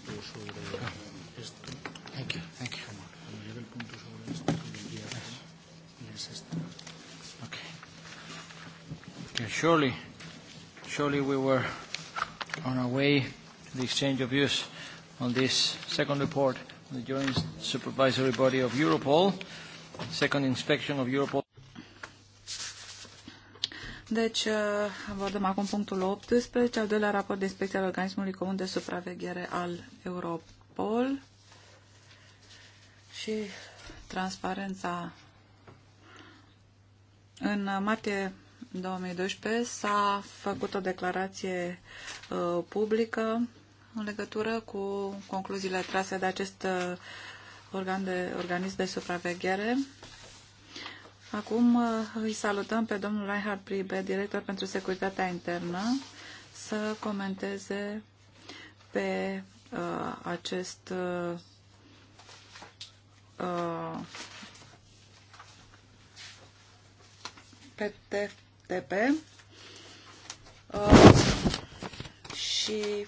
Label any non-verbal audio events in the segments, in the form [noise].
punto sobre esto. Thank you, thank you. Cuando llegue el punto sobre esto, y es esto. Okay. surely, surely we were on our way to the exchange of views on this second report the Joint Supervisory Body of Europol, second inspection of Europol. Deci, uh, abordăm acum punctul 18, al doilea raport de inspecție al Organismului Comun de Supraveghere al Europol și transparența. În martie 2012 s-a făcut o declarație uh, publică în legătură cu concluziile trase de acest uh, organ de, organism de supraveghere Acum uh, îi salutăm pe domnul Reinhard Pribe, director pentru securitatea internă, să comenteze pe uh, acest uh, uh PTTP uh, și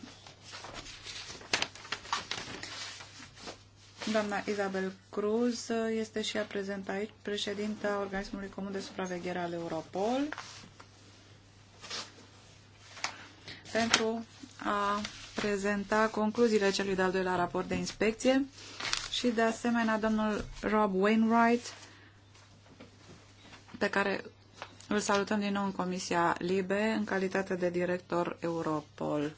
Doamna Isabel Cruz este și ea prezentă aici, președinta Organismului Comun de Supraveghere al Europol, pentru a prezenta concluziile celui de-al doilea raport de inspecție și, de asemenea, domnul Rob Wainwright, pe care îl salutăm din nou în Comisia Libe, în calitate de director Europol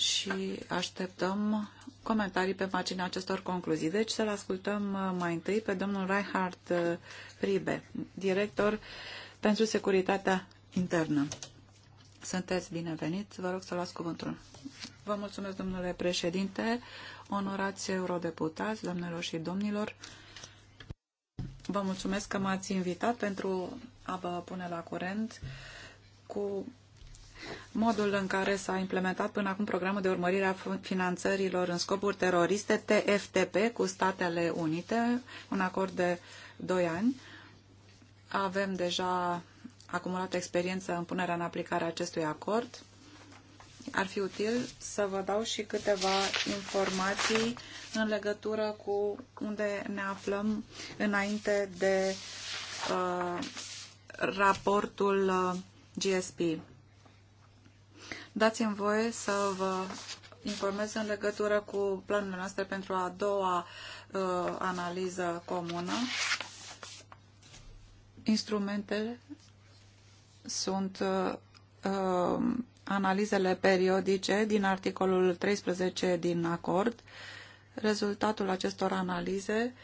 și așteptăm comentarii pe marginea acestor concluzii. Deci să-l ascultăm uh, mai întâi pe domnul Reinhard Pribe, uh, director pentru securitatea internă. Sunteți binevenit, vă rog să luați cuvântul. Vă mulțumesc, domnule președinte, onorați eurodeputați, doamnelor și domnilor. Vă mulțumesc că m-ați invitat pentru a vă pune la curent cu modul în care s-a implementat până acum programul de urmărire a finanțărilor în scopuri teroriste, TFTP, cu Statele Unite, un acord de 2 ani. Avem deja acumulat experiență în punerea în aplicare a acestui acord. Ar fi util să vă dau și câteva informații în legătură cu unde ne aflăm înainte de uh, raportul uh, GSP. Dați-mi voie să vă informez în legătură cu planurile noastre pentru a doua uh, analiză comună. Instrumentele sunt uh, uh analizele periodice din articolul 13 din acord. Rezultatul acestor analize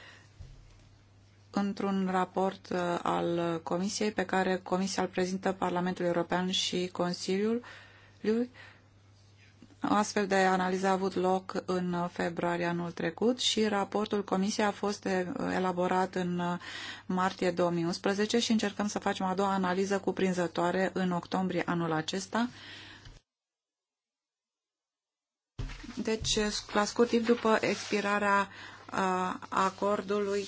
într-un raport uh, al Comisiei pe care Comisia îl prezintă parlamentul European și Consiliul uh, Consiliului. O astfel de analiză a avut loc în februarie anul trecut și raportul comisiei a fost elaborat în martie 2011 și încercăm să facem a doua analiză cuprinzătoare în octombrie anul acesta. Deci, la scurt timp după expirarea acordului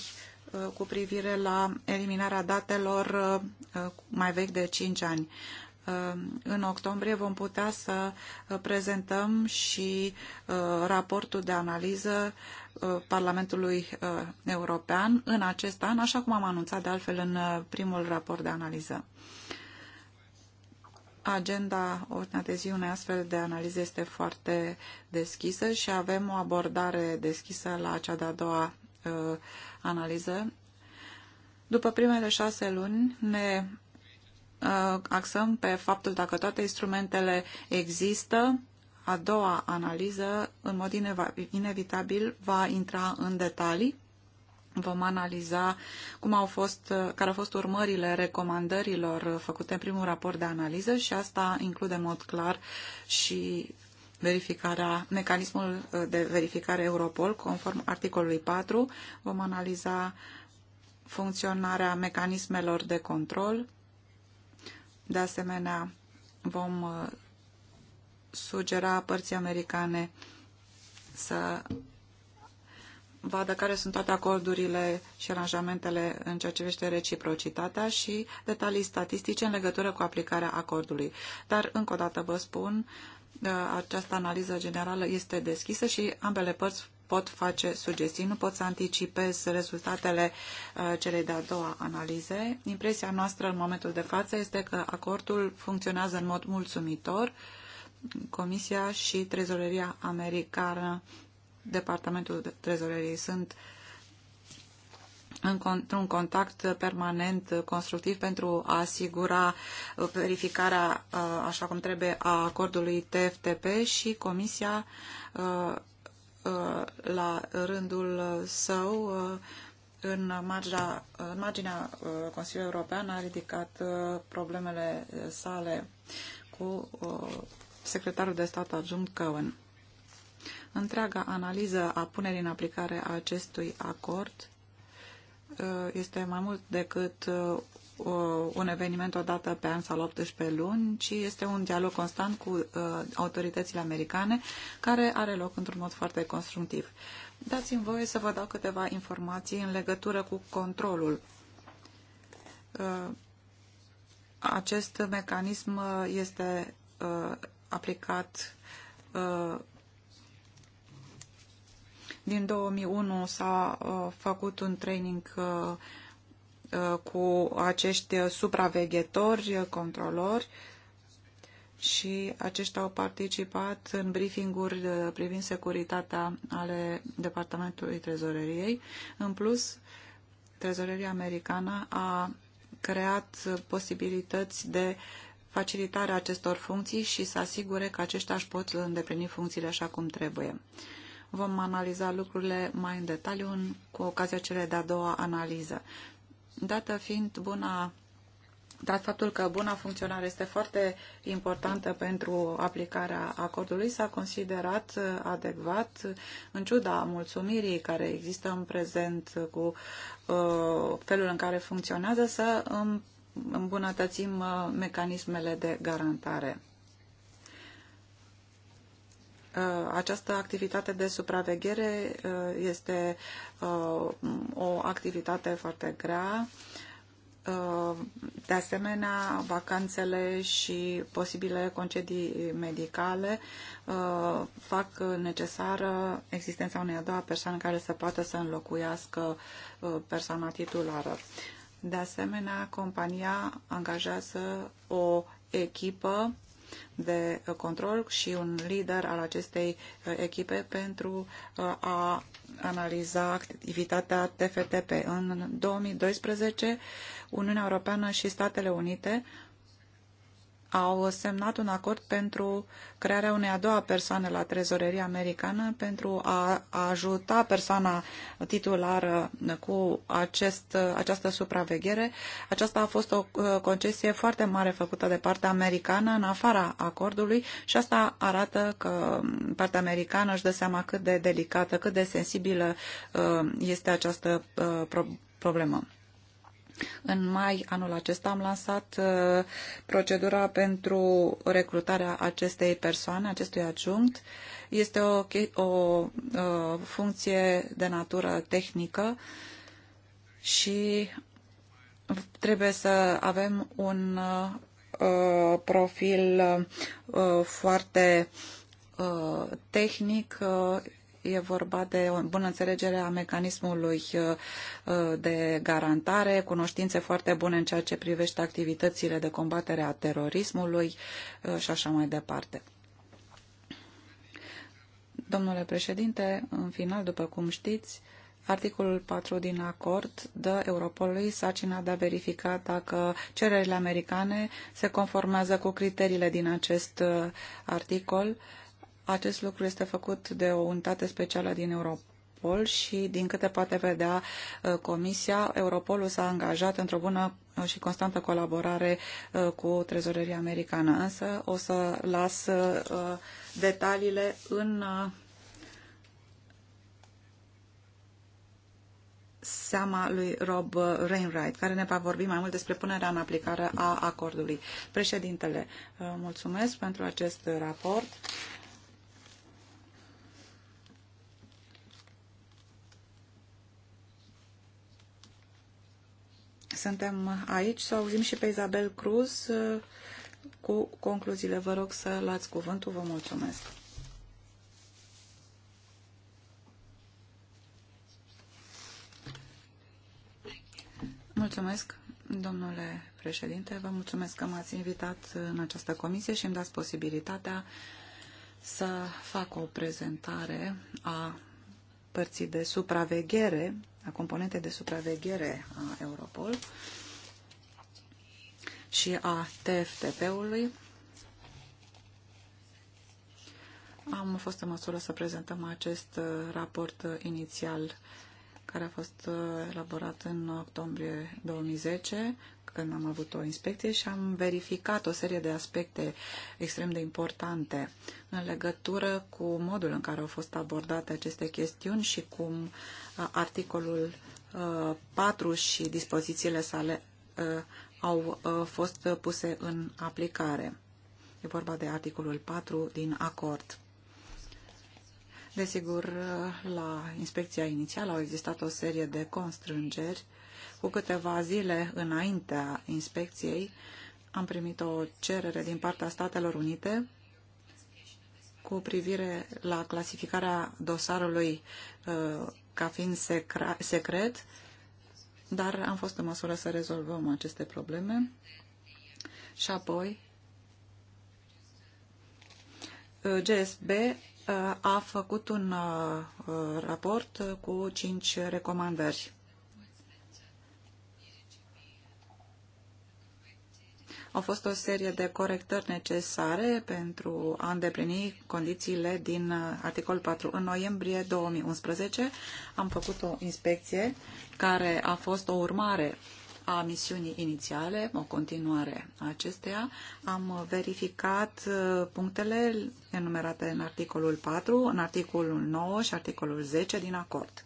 cu privire la eliminarea datelor mai vechi de 5 ani. Um, în octombrie vom putea să uh, prezentăm și uh, raportul de analiză uh, Parlamentului European în acest an, așa cum am anunțat de altfel în primul raport de analiză. Agenda, ordinea de zi unei astfel de analize este foarte deschisă și avem o abordare deschisă la cea de-a doua analiză. După primele șase luni ne Uh, axăm pe faptul dacă toate instrumentele există, a doua analiză, în mod inevitabil, va intra în detalii. Vom analiza cum au fost, uh, care au fost urmările recomandărilor făcute în primul raport de analiză și asta include în mod clar și verificarea, mecanismul uh, de verificare Europol, conform articolului 4. Vom analiza funcționarea mecanismelor de control, de asemenea, vom uh, sugera părții americane să vadă care sunt toate acordurile și aranjamentele în ceea ce privește reciprocitatea și detalii statistice în legătură cu aplicarea acordului. Dar, încă o dată vă spun, uh, această analiză generală este deschisă și ambele părți pot face sugestii, nu pot să anticipez rezultatele uh, celei de-a doua analize. Impresia noastră în momentul de față este că acordul funcționează în mod mulțumitor. Comisia și Trezoreria Americană, Departamentul de Trezoreriei sunt într-un contact permanent constructiv pentru a asigura uh, verificarea uh, așa cum trebuie a acordului TFTP și Comisia Uh, la rândul său uh, în, marginea, în uh, marginea Consiliului European a ridicat problemele sale cu secretarul de stat adjunct Cohen. Întreaga analiză a punerii în aplicare a acestui acord este mai mult decât Uh, un eveniment o dată pe an sau 18 luni, ci este un dialog constant cu uh, autoritățile americane care are loc într-un mod foarte constructiv. Dați-mi voie să vă dau câteva informații în legătură cu controlul. Uh, acest mecanism este aplicat din 2001 s-a făcut un training cu acești supraveghetori, controlori și aceștia au participat în briefinguri uh, privind securitatea ale Departamentului Trezoreriei. În plus, Trezoreria Americană a creat posibilități de facilitare acestor funcții și să asigure că aceștia își pot îndeplini funcțiile așa cum trebuie. Vom analiza lucrurile mai în detaliu în, cu ocazia celei de-a doua analiză dată fiind buna dat faptul că buna funcționare este foarte importantă pentru aplicarea acordului, s-a considerat uh, adecvat, în ciuda mulțumirii care există în prezent cu uh, felul în care funcționează, să îmbunătățim uh, mecanismele de garantare. Uh, această activitate de supraveghere uh, este uh, o activitate foarte grea. De asemenea, vacanțele și posibile concedii medicale fac necesară existența unei a doua persoane care să poată să înlocuiască persoana titulară. De asemenea, compania angajează o echipă de control și un lider al acestei uh, echipe pentru uh, a analiza activitatea TFTP. În 2012, Uniunea Europeană și Statele Unite au semnat un acord pentru crearea unei a doua persoane la trezoreria americană pentru a, ajuta persoana titulară cu acest, această supraveghere. Aceasta a fost o uh, concesie foarte mare făcută de partea americană în afara acordului și asta arată că partea americană își dă seama cât de delicată, cât de sensibilă uh, este această uh, problemă. În mai anul acesta am lansat uh, procedura pentru recrutarea acestei persoane, acestui adjunct. Este o, o, o uh, funcție de natură tehnică și trebuie să avem un uh, profil uh, foarte uh, tehnic uh, E vorba de o bună înțelegere a mecanismului uh, uh, de garantare, cunoștințe foarte bune în ceea ce privește activitățile de combatere a terorismului uh, și așa mai departe. Domnule președinte, în final, după cum știți, Articolul 4 din acord dă Europolului sarcina de a verifica dacă cererile americane se conformează cu criteriile din acest articol acest lucru este făcut de o unitate specială din Europol și, din câte poate vedea uh, Comisia, Europolul s-a angajat într-o bună uh, și constantă colaborare uh, cu trezoreria americană. Însă o să las detaliile în seama lui Rob Rainwright, care ne va vorbi mai mult despre punerea în aplicare a acordului. Președintele, mulțumesc pentru acest raport. Suntem aici să auzim și pe Isabel Cruz uh, cu concluziile. Vă rog să luați cuvântul. Vă mulțumesc. Mulțumesc, domnule președinte. Vă mulțumesc că m-ați invitat în această comisie și îmi dați posibilitatea să fac o prezentare a părții de supraveghere, a componentei de supraveghere a Europol și a TFTP-ului, am fost în măsură să prezentăm acest uh, raport uh, inițial care a fost uh, elaborat în octombrie 2010, când am avut o inspecție și am verificat o serie de aspecte extrem de importante în legătură cu modul în care au fost abordate aceste chestiuni și cum uh, articolul 4 uh, și dispozițiile sale au fost puse în aplicare. E vorba de articolul 4 din acord. Desigur, la inspecția inițială au existat o serie de constrângeri. Cu câteva zile înaintea inspecției am primit o cerere din partea Statelor Unite cu privire la clasificarea dosarului uh, ca fiind secret, dar am fost în măsură să rezolvăm aceste probleme. Și apoi uh, GSB Uh, a făcut un uh, uh, raport cu cinci recomandări. Au fost o serie de corectări necesare pentru a îndeplini condițiile din articol 4. În noiembrie 2011 am făcut o inspecție care a fost o urmare a misiunii inițiale, o continuare a acesteia. Am verificat uh, punctele enumerate în articolul 4, în articolul 9 și articolul 10 din acord.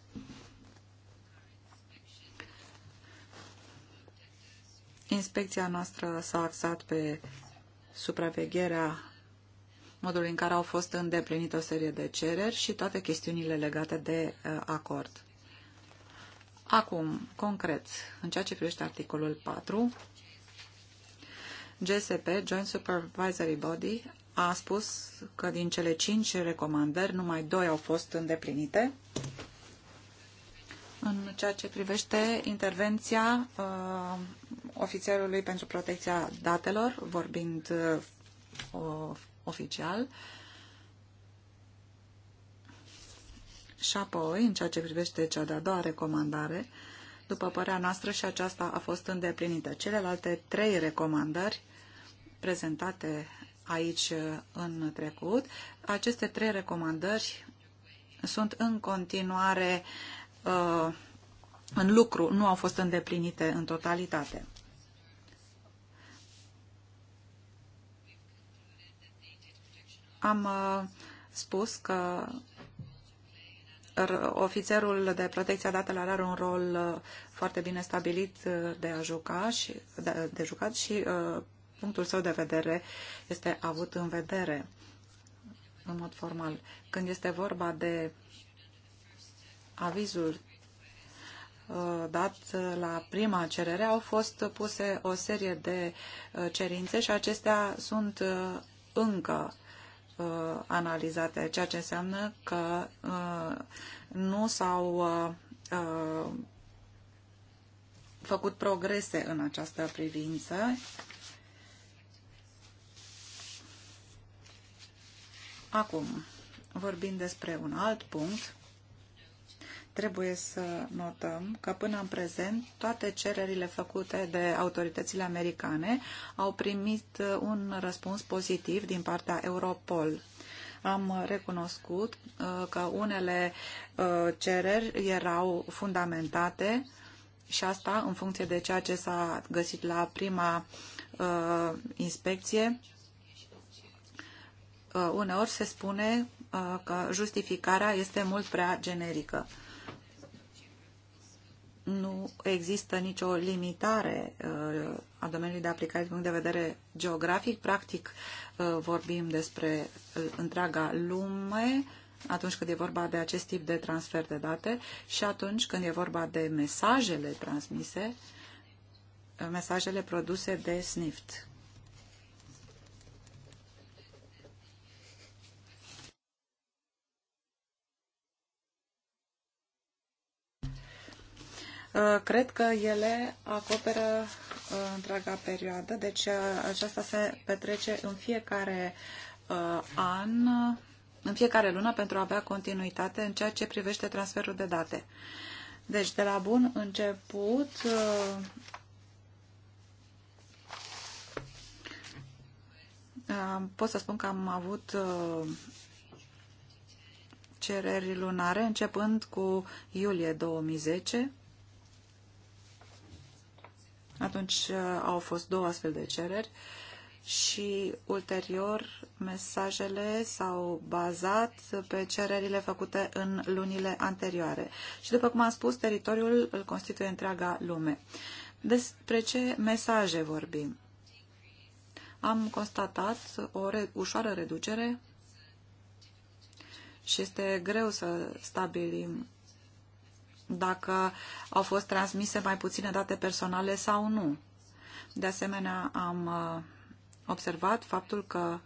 Inspecția noastră s-a axat pe supravegherea modul în care au fost îndeplinite o serie de cereri și toate chestiunile legate de uh, acord. Acum, concret, în ceea ce privește articolul 4, GSP, Joint Supervisory Body, a spus că din cele cinci recomandări, numai 2 au fost îndeplinite. În ceea ce privește intervenția uh, ofițerului pentru protecția datelor, vorbind uh, oficial, uh, Și apoi, în ceea ce privește cea de-a doua recomandare, după părerea noastră și aceasta a fost îndeplinită. Celelalte trei recomandări prezentate aici în trecut, aceste trei recomandări sunt în continuare uh, în lucru, nu au fost îndeplinite în totalitate. Am uh, spus că ofițerul de protecție a datelor are un rol uh, foarte bine stabilit uh, de a juca și de, de jucat și uh, punctul său de vedere este avut în vedere în mod formal. Când este vorba de avizul dat la prima cerere, au fost puse o serie de cerințe și acestea sunt încă uh, analizate, ceea ce înseamnă că uh, nu s-au uh, uh făcut progrese în această privință. Acum, vorbim despre un alt punct trebuie să notăm că până în prezent toate cererile făcute de autoritățile americane au primit uh, un răspuns pozitiv din partea Europol. Am recunoscut uh, că unele uh, cereri erau fundamentate și asta în funcție de ceea ce s-a găsit la prima inspecție. Uneori se spune că justificarea este mult prea generică nu există nicio limitare uh, a domeniului de aplicare din punct de vedere geografic. Practic uh, vorbim despre uh, întreaga lume atunci când e vorba de acest tip de transfer de date și atunci când e vorba de mesajele transmise, mesajele produse de SNIFT. Uh, cred că ele acoperă uh, întreaga perioadă, deci uh, aceasta se petrece în fiecare an, în fiecare lună pentru a avea continuitate în ceea ce privește transferul de date. Deci, de la bun început, pot să spun că am avut cereri lunare începând cu iulie 2010 atunci uh, au fost două astfel de cereri și ulterior mesajele s-au bazat pe cererile făcute în lunile anterioare. Și după cum am spus, teritoriul îl constituie întreaga lume. Despre ce mesaje vorbim? Am constatat o re ușoară reducere și este greu să stabilim dacă au fost transmise mai puține date personale sau nu. De asemenea, am uh, observat faptul că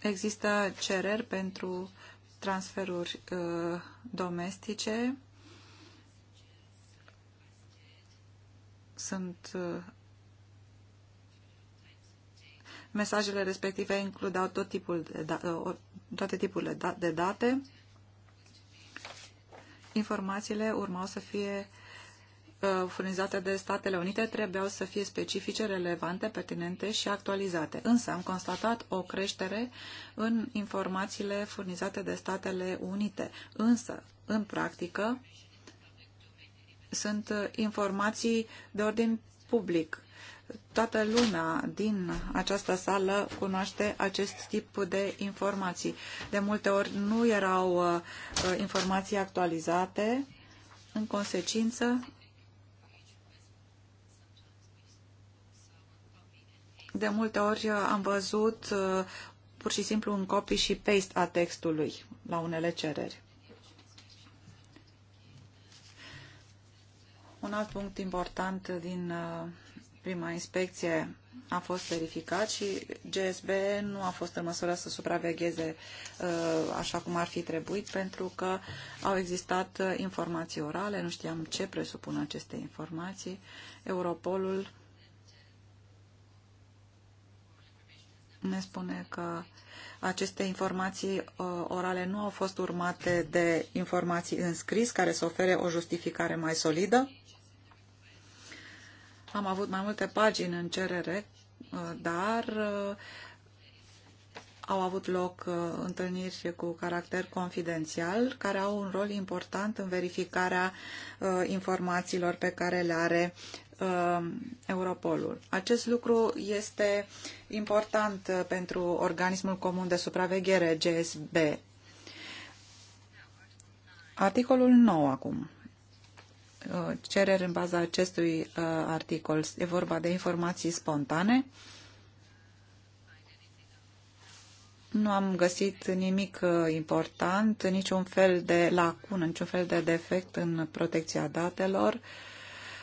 există cereri pentru transferuri uh, domestice. Sunt uh, mesajele respective includeau tot tipul de da, toate tipurile da, de date informațiile urmau să fie uh, furnizate de Statele Unite trebuiau să fie specifice, relevante, pertinente și actualizate. Însă am constatat o creștere în informațiile furnizate de Statele Unite. Însă, în practică, sunt uh, informații de ordin public Toată lumea din această sală cunoaște acest tip de informații. De multe ori nu erau uh, uh, informații actualizate, în consecință de multe ori uh, am văzut pur și simplu un copy și paste a textului la unele cereri. Un alt punct important din prima inspecție a fost verificat și GSB nu a fost în măsură să supravegheze uh, așa cum ar fi trebuit pentru că au existat uh, informații orale, nu știam ce presupun aceste informații. Europolul ne spune că aceste informații uh, orale nu au fost urmate de informații înscris care să ofere o justificare mai solidă. Am avut mai multe pagini în cerere, uh, dar uh, au avut loc uh, întâlniri cu caracter confidențial, care au un rol important în verificarea informațiilor pe care le are Europolul. Acest lucru este important pentru organismul comun de supraveghere, GSB. Articolul 9 acum. Uh, cereri în baza acestui uh, articol. E vorba de informații spontane. Nu am găsit nimic uh, important, niciun fel de lacună, niciun fel de defect în protecția datelor.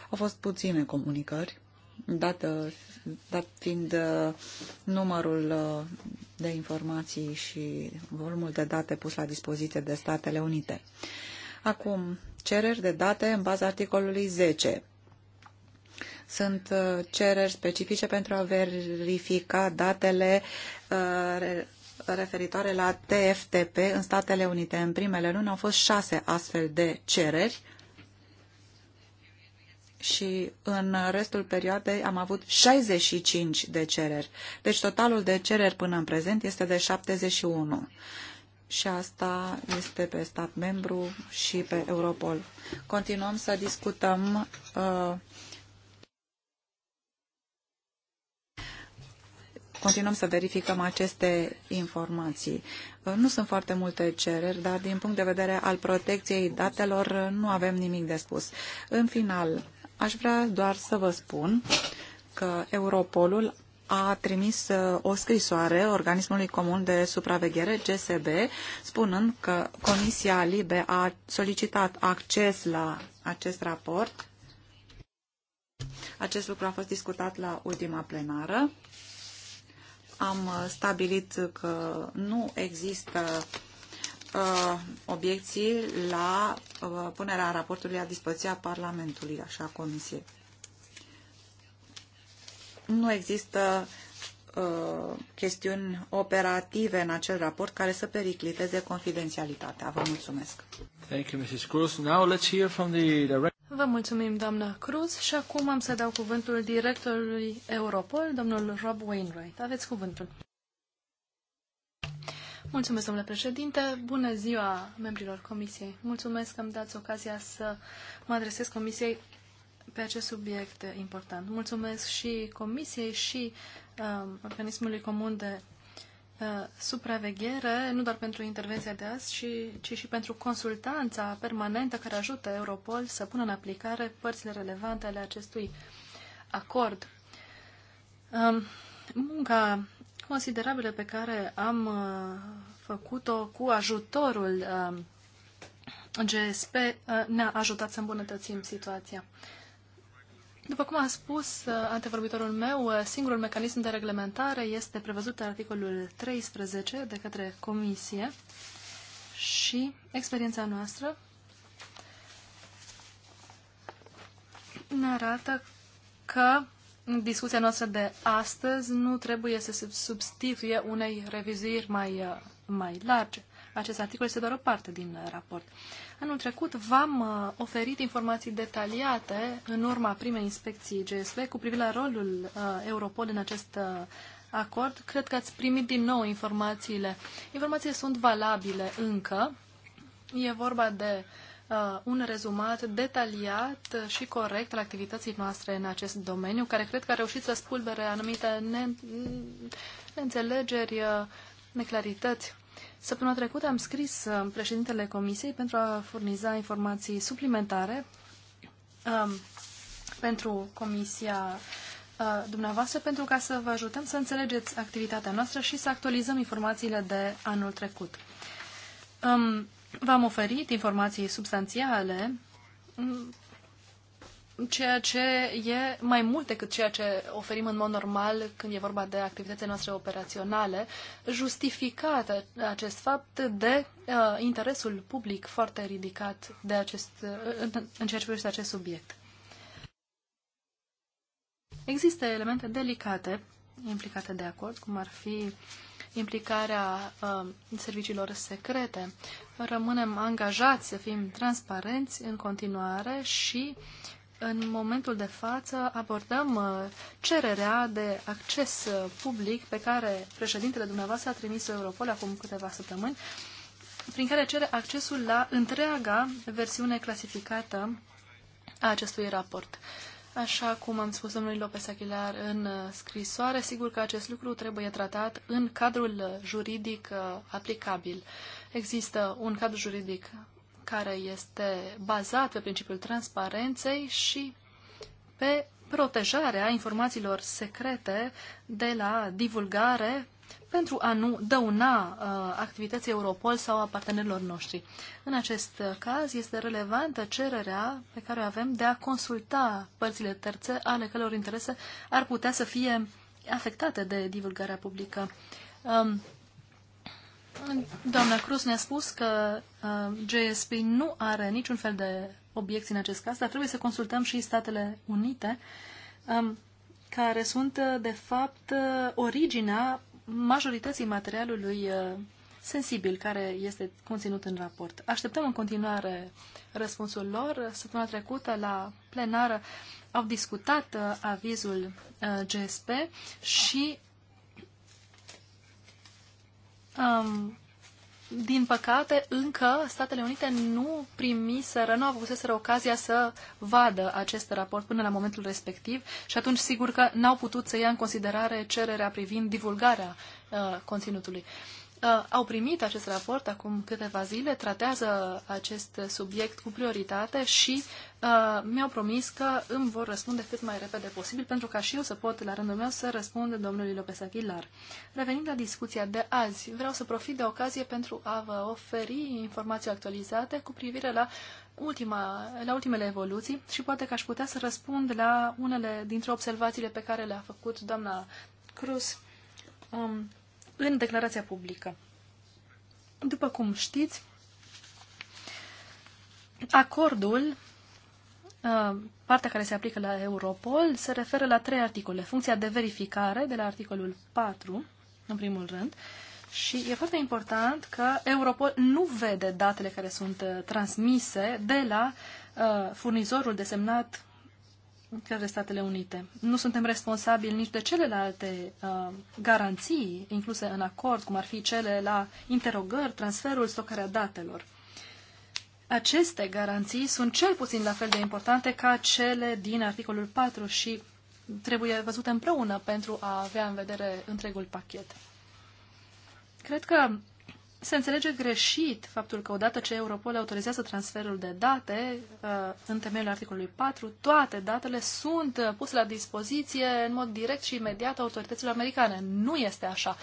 Au fost puține comunicări, dată, dat fiind numărul de informații și volumul de date pus la dispoziție de Statele Unite. Acum, cereri de date în baza articolului 10. Sunt uh, cereri specifice pentru a verifica datele uh, referitoare la TFTP în Statele Unite. În primele luni au fost șase astfel de cereri și în restul perioadei am avut 65 de cereri. Deci totalul de cereri până în prezent este de 71 și asta este pe stat membru și pe Europol. Continuăm să discutăm uh, continuăm să verificăm aceste informații. Uh, nu sunt foarte multe cereri, dar din punct de vedere al protecției datelor uh, nu avem nimic de spus. În final, aș vrea doar să vă spun că Europolul a trimis uh, o scrisoare Organismului Comun de Supraveghere, GSB, spunând că Comisia Libe a solicitat acces la acest raport. Acest lucru a fost discutat la ultima plenară. Am uh, stabilit că nu există uh, obiecții la uh, punerea raportului la dispoziția Parlamentului, așa Comisiei nu există uh, chestiuni operative în acel raport care să pericliteze confidențialitatea. Vă mulțumesc. Thank you, Mrs. Cruz. Now let's hear from the director. Vă mulțumim, doamna Cruz, și acum am să dau cuvântul directorului Europol, domnul Rob Wainwright. Aveți cuvântul. Mulțumesc, domnule președinte. Bună ziua, membrilor comisiei. Mulțumesc că îmi dați ocazia să mă adresez comisiei pe acest subiect important. Mulțumesc și Comisiei și uh, Organismului Comun de uh, Supraveghere, nu doar pentru intervenția de azi, ci, ci și pentru consultanța permanentă care ajută Europol să pună în aplicare părțile relevante ale acestui acord. Um, munca considerabilă pe care am uh, făcut-o cu ajutorul um, GSP uh, ne-a ajutat să îmbunătățim situația. După cum a spus uh, antevorbitorul meu, uh, singurul mecanism de reglementare este prevăzut în articolul 13 de către Comisie și experiența noastră ne arată că discuția noastră de astăzi nu trebuie să se substituie unei revizuiri mai, uh, mai large acest articol este doar o parte din uh, raport. Anul trecut v-am uh, oferit informații detaliate în urma primei inspecții GSV cu privire la rolul uh, Europol în acest acord. Cred că ați primit din nou informațiile. Informațiile sunt valabile încă. E vorba de uh, un rezumat detaliat și corect al activității noastre în acest domeniu, care cred că a reușit să spulbere anumite ne neînțelegeri, neclarități. Săptămâna trecută am scris uh, președintele Comisiei pentru a furniza informații suplimentare um, pentru Comisia uh, dumneavoastră pentru ca să vă ajutăm să înțelegeți activitatea noastră și să actualizăm informațiile de anul trecut. Um, v-am oferit informații substanțiale um, ceea ce e mai mult decât ceea ce oferim în mod normal când e vorba de activitățile noastre operaționale, justificat acest fapt de uh, interesul public foarte ridicat de acest, uh, în, în ceea ce privește acest subiect. Există elemente delicate implicate de acord, cum ar fi implicarea uh, serviciilor secrete. Rămânem angajați să fim transparenți în continuare și în momentul de față abordăm uh, cererea de acces uh, public pe care președintele dumneavoastră a trimis-o Europol acum câteva săptămâni, prin care cere accesul la întreaga versiune clasificată a acestui raport. Așa cum am spus domnului Lopez Aguilar în uh, scrisoare, sigur că acest lucru trebuie tratat în cadrul juridic aplicabil. Există un cadru juridic care este bazat pe principiul transparenței și pe protejarea informațiilor secrete de la divulgare pentru a nu dăuna uh, activității Europol sau a partenerilor noștri. În acest caz este relevantă cererea pe care o avem de a consulta părțile terțe ale căror interese ar putea să fie afectate de divulgarea publică. Um, Doamna Cruz ne-a spus că uh, GSP nu are niciun fel de obiecții în acest caz, dar trebuie să consultăm și Statele Unite, um, care sunt, uh, de fapt, uh, originea majorității materialului uh, sensibil care este conținut în raport. Așteptăm în continuare răspunsul lor. Săptămâna trecută, la plenară, au discutat uh, avizul uh, GSP și um, din păcate, încă Statele Unite nu primiseră, nu avuseseră ocazia să vadă acest raport până la momentul respectiv și atunci sigur că n-au putut să ia în considerare cererea privind divulgarea uh, conținutului. Uh, Uh, au primit acest raport acum câteva zile, tratează acest subiect cu prioritate și uh, mi-au promis că îmi vor răspunde cât mai repede posibil, pentru ca și eu să pot, la rândul meu, să răspund domnului Lopez Aguilar. Revenind la discuția de azi, vreau să profit de ocazie pentru a vă oferi informații actualizate cu privire la ultima, la ultimele evoluții și poate că aș putea să răspund la unele dintre observațiile pe care le-a făcut doamna Cruz um, în declarația publică. După cum știți, acordul, uh, partea care se aplică la Europol, se referă la trei articole. Funcția de verificare, de la articolul 4, în primul rând, și e foarte important că Europol nu vede datele care sunt uh, transmise de la uh, furnizorul desemnat către Statele Unite. Nu suntem responsabili nici de celelalte uh, garanții incluse în acord, cum ar fi cele la interogări, transferul, stocarea datelor. Aceste garanții sunt cel puțin la fel de importante ca cele din articolul 4 și trebuie văzute împreună pentru a avea în vedere întregul pachet. Cred că se înțelege greșit faptul că odată ce Europol autorizează transferul de date, uh, în temeiul articolului 4, toate datele sunt uh, puse la dispoziție în mod direct și imediat autorităților americane. Nu este așa.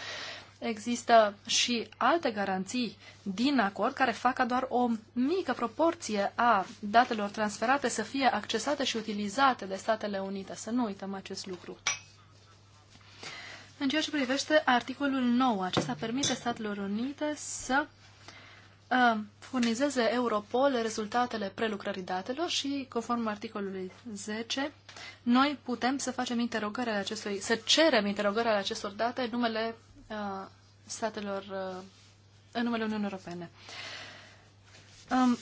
Există și alte garanții din acord care fac ca doar o mică proporție a datelor transferate să fie accesate și utilizate de Statele Unite. Să nu uităm acest lucru. În ceea ce privește articolul 9, acesta permite Statelor Unite să uh, furnizeze Europol rezultatele prelucrării datelor și, conform articolului 10, noi putem să facem interogări ale acestui, să cerem interogări ale acestor date în numele uh, statelor, uh, în numele Uniunii Europene. Um,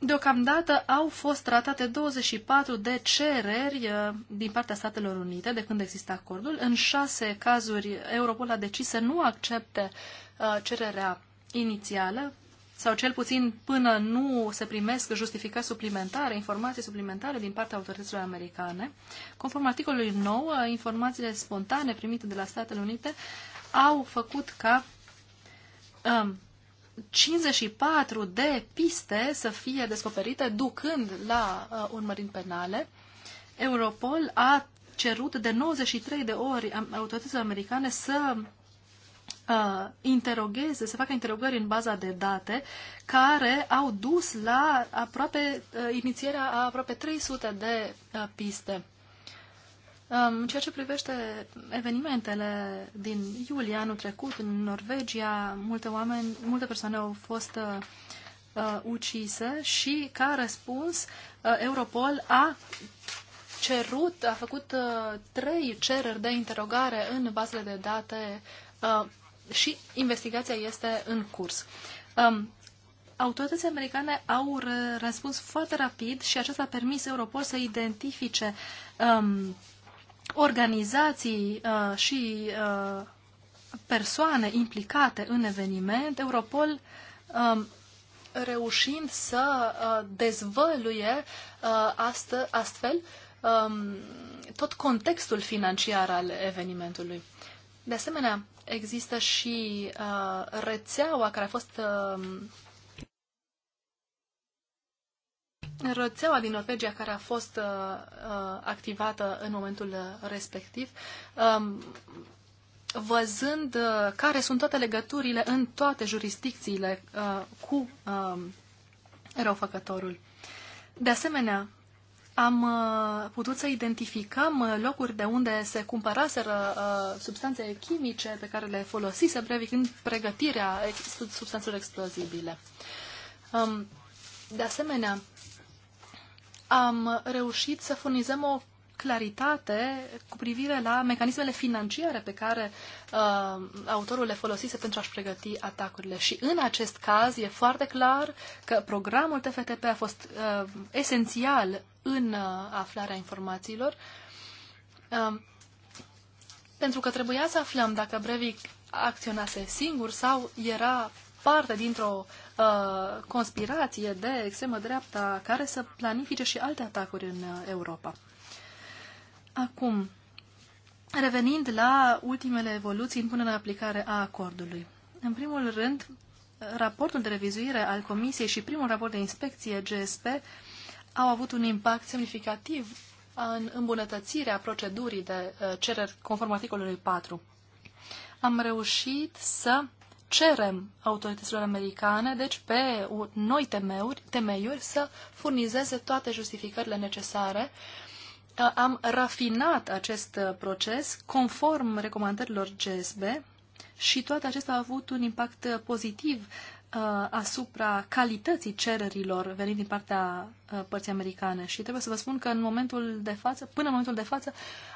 Deocamdată au fost tratate 24 de cereri uh, din partea Statelor Unite de când există acordul. În șase cazuri, Europol a decis să nu accepte uh, cererea inițială sau cel puțin până nu se primesc justificări suplimentare, informații suplimentare din partea autorităților americane. Conform articolului 9, uh, informațiile spontane primite de la Statele Unite au făcut ca um, 54 de piste să fie descoperite ducând la uh, urmărind penale. Europol a cerut de 93 de ori autorităților americane să uh, interogheze, să facă interogări în baza de date care au dus la aproape uh, inițierea a aproape 300 de uh, piste. În ceea ce privește evenimentele din iulie anul trecut în Norvegia, multe, oameni, multe persoane au fost uh, ucise și, ca răspuns, uh, Europol a cerut, a făcut uh, trei cereri de interogare în bazele de date uh, și investigația este în curs. Um, autoritățile americane au răspuns foarte rapid și acesta a permis Europol să identifice um, organizații uh, și uh, persoane implicate în eveniment, Europol uh, reușind să uh, dezvăluie uh, ast- astfel um, tot contextul financiar al evenimentului. De asemenea, există și uh, rețeaua care a fost uh, rățeaua din Norvegia care a fost uh, uh activată în momentul uh, respectiv, um, văzând uh, care sunt toate legăturile în toate jurisdicțiile uh, cu uh, răufăcătorul. De asemenea, am uh, putut să identificăm uh, locuri de unde se cumpăraseră uh, substanțe chimice pe care le folosise Breivik în pregătirea substanțelor explozibile. Um, de asemenea, am reușit să furnizăm o claritate cu privire la mecanismele financiare pe care uh, autorul le folosise pentru a-și pregăti atacurile. Și în acest caz e foarte clar că programul TFTP a fost uh, esențial în uh, aflarea informațiilor, uh, pentru că trebuia să aflăm dacă Brevic acționase singur sau era parte dintr-o uh, conspirație de extremă dreapta care să planifice și alte atacuri în uh, Europa. Acum, revenind la ultimele evoluții în punerea aplicare a acordului. În primul rând, raportul de revizuire al Comisiei și primul raport de inspecție GSP au avut un impact semnificativ în îmbunătățirea procedurii de uh, cereri conform articolului 4. Am reușit să cerem autorităților americane, deci pe noi temeuri, temeiuri, să furnizeze toate justificările necesare. Am rafinat acest uh, proces conform recomandărilor GSB și toate acestea a avut un impact uh, pozitiv Uh, asupra calității cererilor venind din partea uh, părții americane și trebuie să vă spun că în momentul de față, până în momentul de față,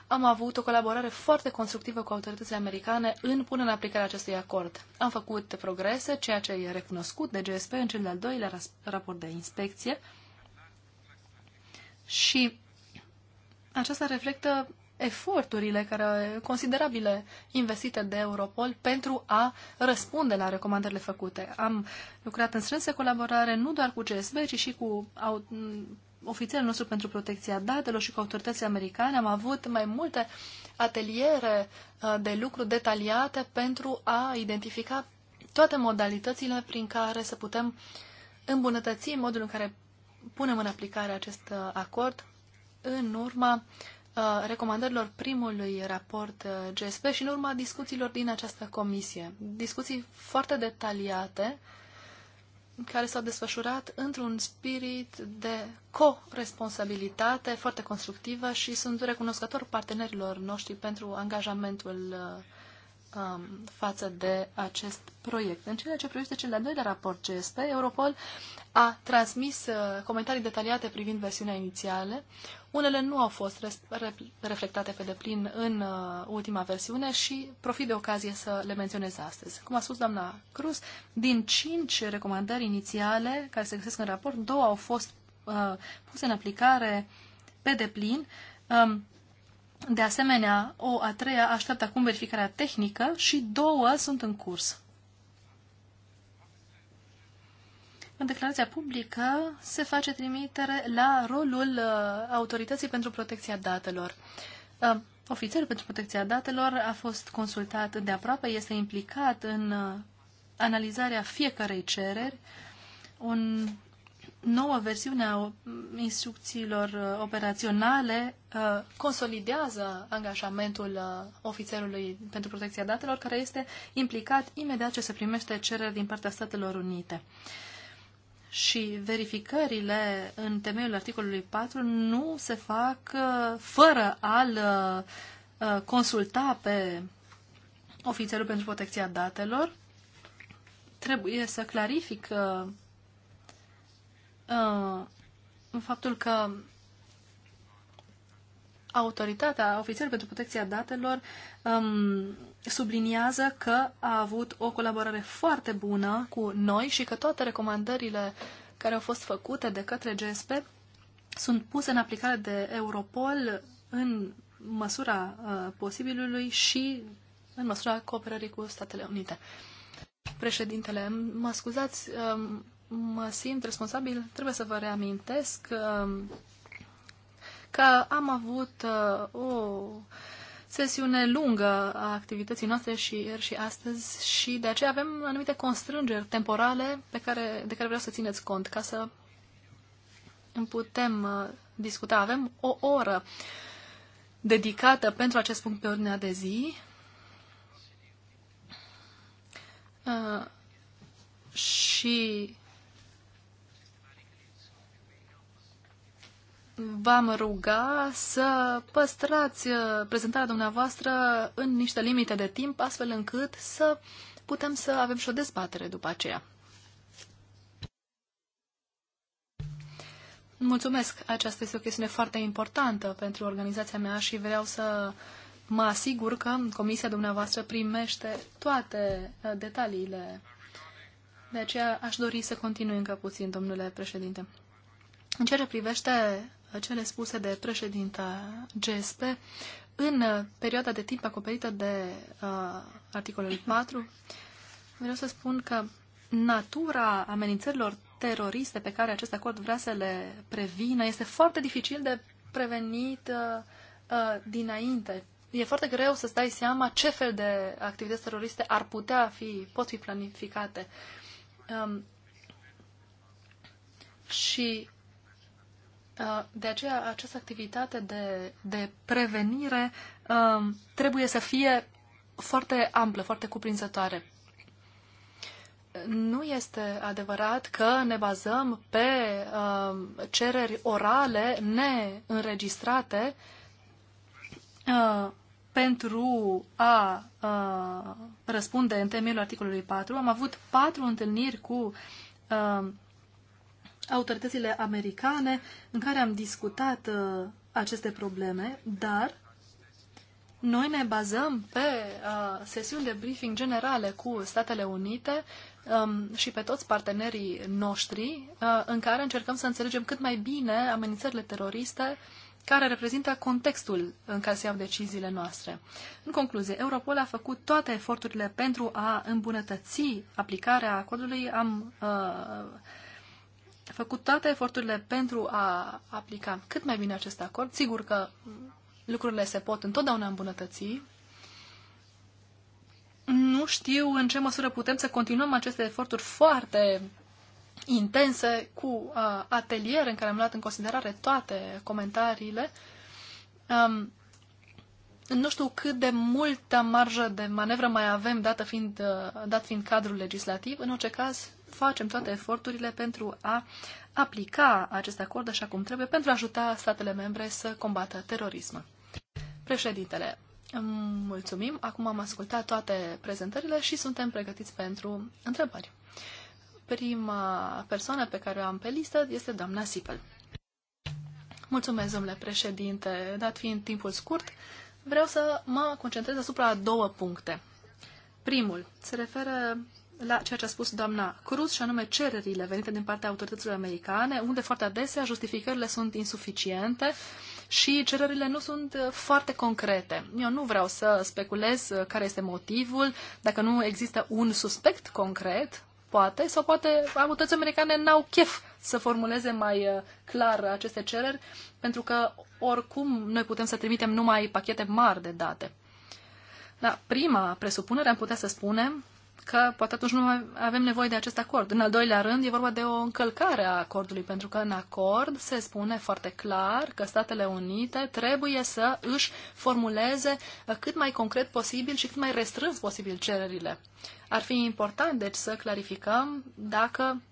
am avut o colaborare foarte constructivă cu autoritățile americane în punerea în aplicare acestui acord. Am făcut progrese, ceea ce e recunoscut de GSP în cel de-al doilea raport de inspecție și aceasta reflectă eforturile care, considerabile investite de Europol pentru a răspunde la recomandările făcute. Am lucrat în strânsă colaborare nu doar cu CSB, ci și cu ofițerul nostru pentru protecția datelor și cu autoritățile americane. Am avut mai multe ateliere uh, de lucru detaliate pentru a identifica toate modalitățile prin care să putem îmbunătăți modul în care punem în aplicare acest uh, acord în urma uh, Uh, recomandărilor primului raport uh, GSP și în urma discuțiilor din această comisie. Discuții foarte detaliate care s-au desfășurat într-un spirit de co-responsabilitate foarte constructivă și sunt recunoscător partenerilor noștri pentru angajamentul uh, um, față de acest proiect. În ceea ce privește cel de-al doilea raport CSP, Europol a transmis uh, comentarii detaliate privind versiunea inițială. Unele nu au fost reflectate pe deplin în uh, ultima versiune și profit de ocazie să le menționez astăzi. Cum a spus doamna Cruz, din cinci recomandări inițiale care se găsesc în raport, două au fost uh, puse în aplicare pe deplin. Um, de asemenea, o a treia așteaptă acum verificarea tehnică și două sunt în curs. În declarația publică se face trimitere la rolul uh, Autorității pentru Protecția Datelor. Uh, ofițerul pentru Protecția Datelor a fost consultat de aproape, este implicat în uh, analizarea fiecarei cereri. Un noua versiune a instrucțiilor uh, operaționale uh, consolidează angajamentul uh, ofițerului pentru protecția datelor, care este implicat imediat ce se primește cereri din partea Statelor Unite. Și verificările în temeiul articolului 4 nu se fac fără a consulta pe ofițerul pentru protecția datelor. Trebuie să clarific Uh, în faptul că autoritatea, ofițerul pentru protecția datelor, um, subliniază că a avut o colaborare foarte bună cu noi și că toate recomandările care au fost făcute de către GSP sunt puse în aplicare de Europol în măsura uh, posibilului și în măsura cooperării cu Statele Unite. Președintele, mă scuzați, um, mă simt responsabil, trebuie să vă reamintesc um, că am avut uh, o sesiune lungă a activității noastre și ieri și astăzi și de aceea avem anumite constrângeri temporale pe care, de care vreau să țineți cont ca să putem uh, discuta. Avem o oră dedicată pentru acest punct pe ordinea de zi. Uh, și v-am ruga să păstrați uh, prezentarea dumneavoastră în niște limite de timp, astfel încât să putem să avem și o dezbatere după aceea. Mulțumesc! Aceasta este o chestiune foarte importantă pentru organizația mea și vreau să mă asigur că comisia dumneavoastră primește toate uh, detaliile. De aceea aș dori să continui încă puțin, domnule președinte. În ceea ce privește cele spuse de președinta GSP, în uh, perioada de timp acoperită de uh, articolul 4, vreau să spun că natura amenințărilor teroriste pe care acest acord vrea să le prevină este foarte dificil de prevenit uh, uh, dinainte. E foarte greu să-ți dai seama ce fel de activități teroriste ar putea fi, pot fi planificate. Um, și de aceea, această activitate de, de prevenire um, trebuie să fie foarte amplă, foarte cuprinzătoare. Nu este adevărat că ne bazăm pe um, cereri orale neînregistrate uh, pentru a uh, răspunde în temelul articolului 4. Am avut patru întâlniri cu um, autoritățile americane în care am discutat uh, aceste probleme, dar noi ne bazăm pe uh, sesiuni de briefing generale cu Statele Unite um, și pe toți partenerii noștri, uh, în care încercăm să înțelegem cât mai bine amenințările teroriste care reprezintă contextul în care se iau deciziile noastre. În concluzie, Europol a făcut toate eforturile pentru a îmbunătăți aplicarea acordului. Am uh, făcut toate eforturile pentru a aplica cât mai bine acest acord. Sigur că lucrurile se pot întotdeauna îmbunătăți. Nu știu în ce măsură putem să continuăm aceste eforturi foarte intense cu uh, atelier în care am luat în considerare toate comentariile. Um, nu știu cât de multă marjă de manevră mai avem, dată fiind, uh, dat fiind cadrul legislativ. În orice caz, facem toate eforturile pentru a aplica acest acord așa cum trebuie pentru a ajuta statele membre să combată terorismul. Președintele, mulțumim. Acum am ascultat toate prezentările și suntem pregătiți pentru întrebări. Prima persoană pe care o am pe listă este doamna Sipel. Mulțumesc, domnule președinte. Dat fiind timpul scurt, vreau să mă concentrez asupra două puncte. Primul se referă la ceea ce a spus doamna Cruz, și anume cererile venite din partea autorităților americane, unde foarte adesea justificările sunt insuficiente și cererile nu sunt uh, foarte concrete. Eu nu vreau să speculez uh, care este motivul, dacă nu există un suspect concret, poate, sau poate autoritățile americane n-au chef să formuleze mai uh, clar aceste cereri, pentru că oricum noi putem să trimitem numai pachete mari de date. La da, prima presupunere am putea să spunem că poate atunci nu avem nevoie de acest acord. În al doilea rând, e vorba de o încălcare a acordului, pentru că în acord se spune foarte clar că Statele Unite trebuie să își formuleze cât mai concret posibil și cât mai restrâns posibil cererile. Ar fi important, deci, să clarificăm dacă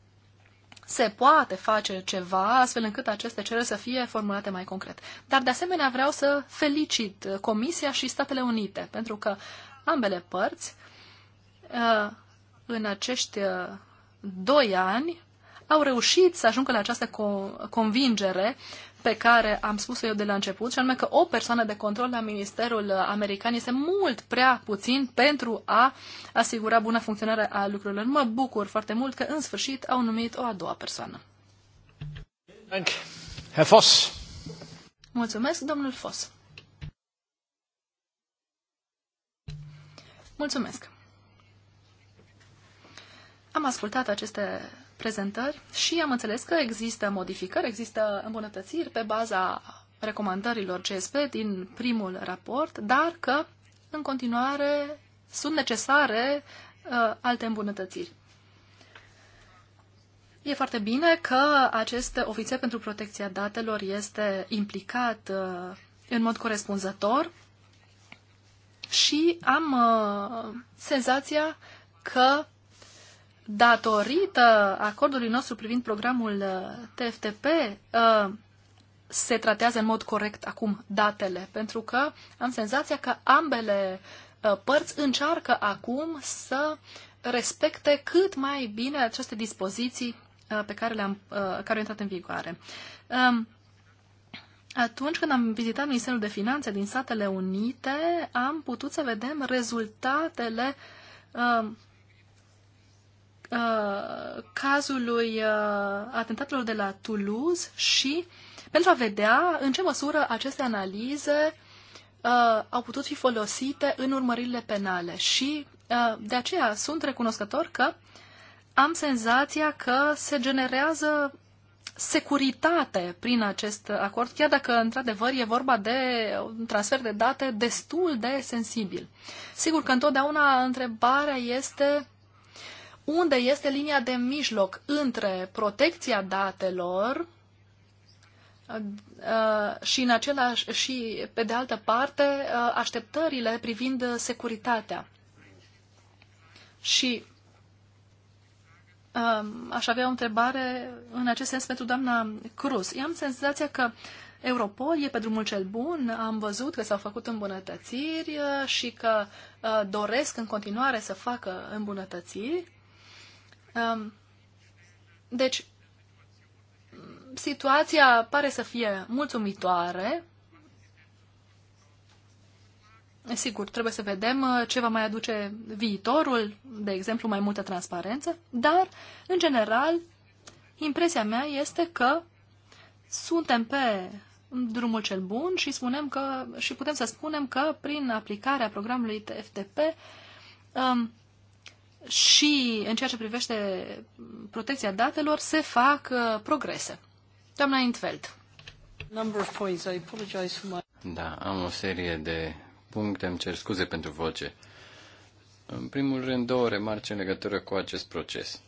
se poate face ceva astfel încât aceste cereri să fie formulate mai concret. Dar, de asemenea, vreau să felicit Comisia și Statele Unite, pentru că ambele părți Uh, în acești uh, doi ani au reușit să ajungă la această convingere pe care am spus-o eu de la început, și anume că o persoană de control la Ministerul uh, American este mult prea puțin pentru a asigura bună funcționare a lucrurilor. Mă bucur foarte mult că în sfârșit au numit o a doua persoană. Herr Voss. Mulțumesc, domnul Foss. Mulțumesc. Am ascultat aceste prezentări și am înțeles că există modificări, există îmbunătățiri pe baza recomandărilor CSP din primul raport, dar că în continuare sunt necesare uh, alte îmbunătățiri. E foarte bine că acest ofițer pentru protecția datelor este implicat uh, în mod corespunzător și am uh, senzația că datorită acordului nostru privind programul uh, TFTP, uh, se tratează în mod corect acum datele, pentru că am senzația că ambele uh, părți încearcă acum să respecte cât mai bine aceste dispoziții pe care le-am, care au intrat în vigoare. Um, atunci când am vizitat Ministerul de Finanțe din Statele Unite, am putut să vedem rezultatele um, Uh, cazului uh, atentatelor de la Toulouse și pentru a vedea în ce măsură aceste analize uh, au putut fi folosite în urmăririle penale. Și uh, de aceea sunt recunoscător că am senzația că se generează securitate prin acest acord, chiar dacă, într-adevăr, e vorba de un transfer de date destul de sensibil. Sigur că întotdeauna întrebarea este unde este linia de mijloc între protecția datelor uh, uh, și, în același, și, pe de altă parte, uh, așteptările privind securitatea. Și um, aș avea o întrebare în acest sens pentru doamna Cruz. Eu am senzația că Europol e pe drumul cel bun, am văzut că s-au făcut îmbunătățiri și că doresc în continuare să facă îmbunătățiri, deci, situația pare să fie mulțumitoare. Sigur, trebuie să vedem uh, ce va mai aduce viitorul, de exemplu, mai multă transparență, dar, în general, impresia mea este că suntem pe drumul cel bun și, spunem că, și putem să spunem că prin aplicarea programului TFTP um, și în ceea ce privește protecția datelor se fac uh, progrese. Doamna Intveld. Da, am o serie de puncte, îmi cer scuze pentru voce. În primul rând, două remarci în legătură cu acest proces.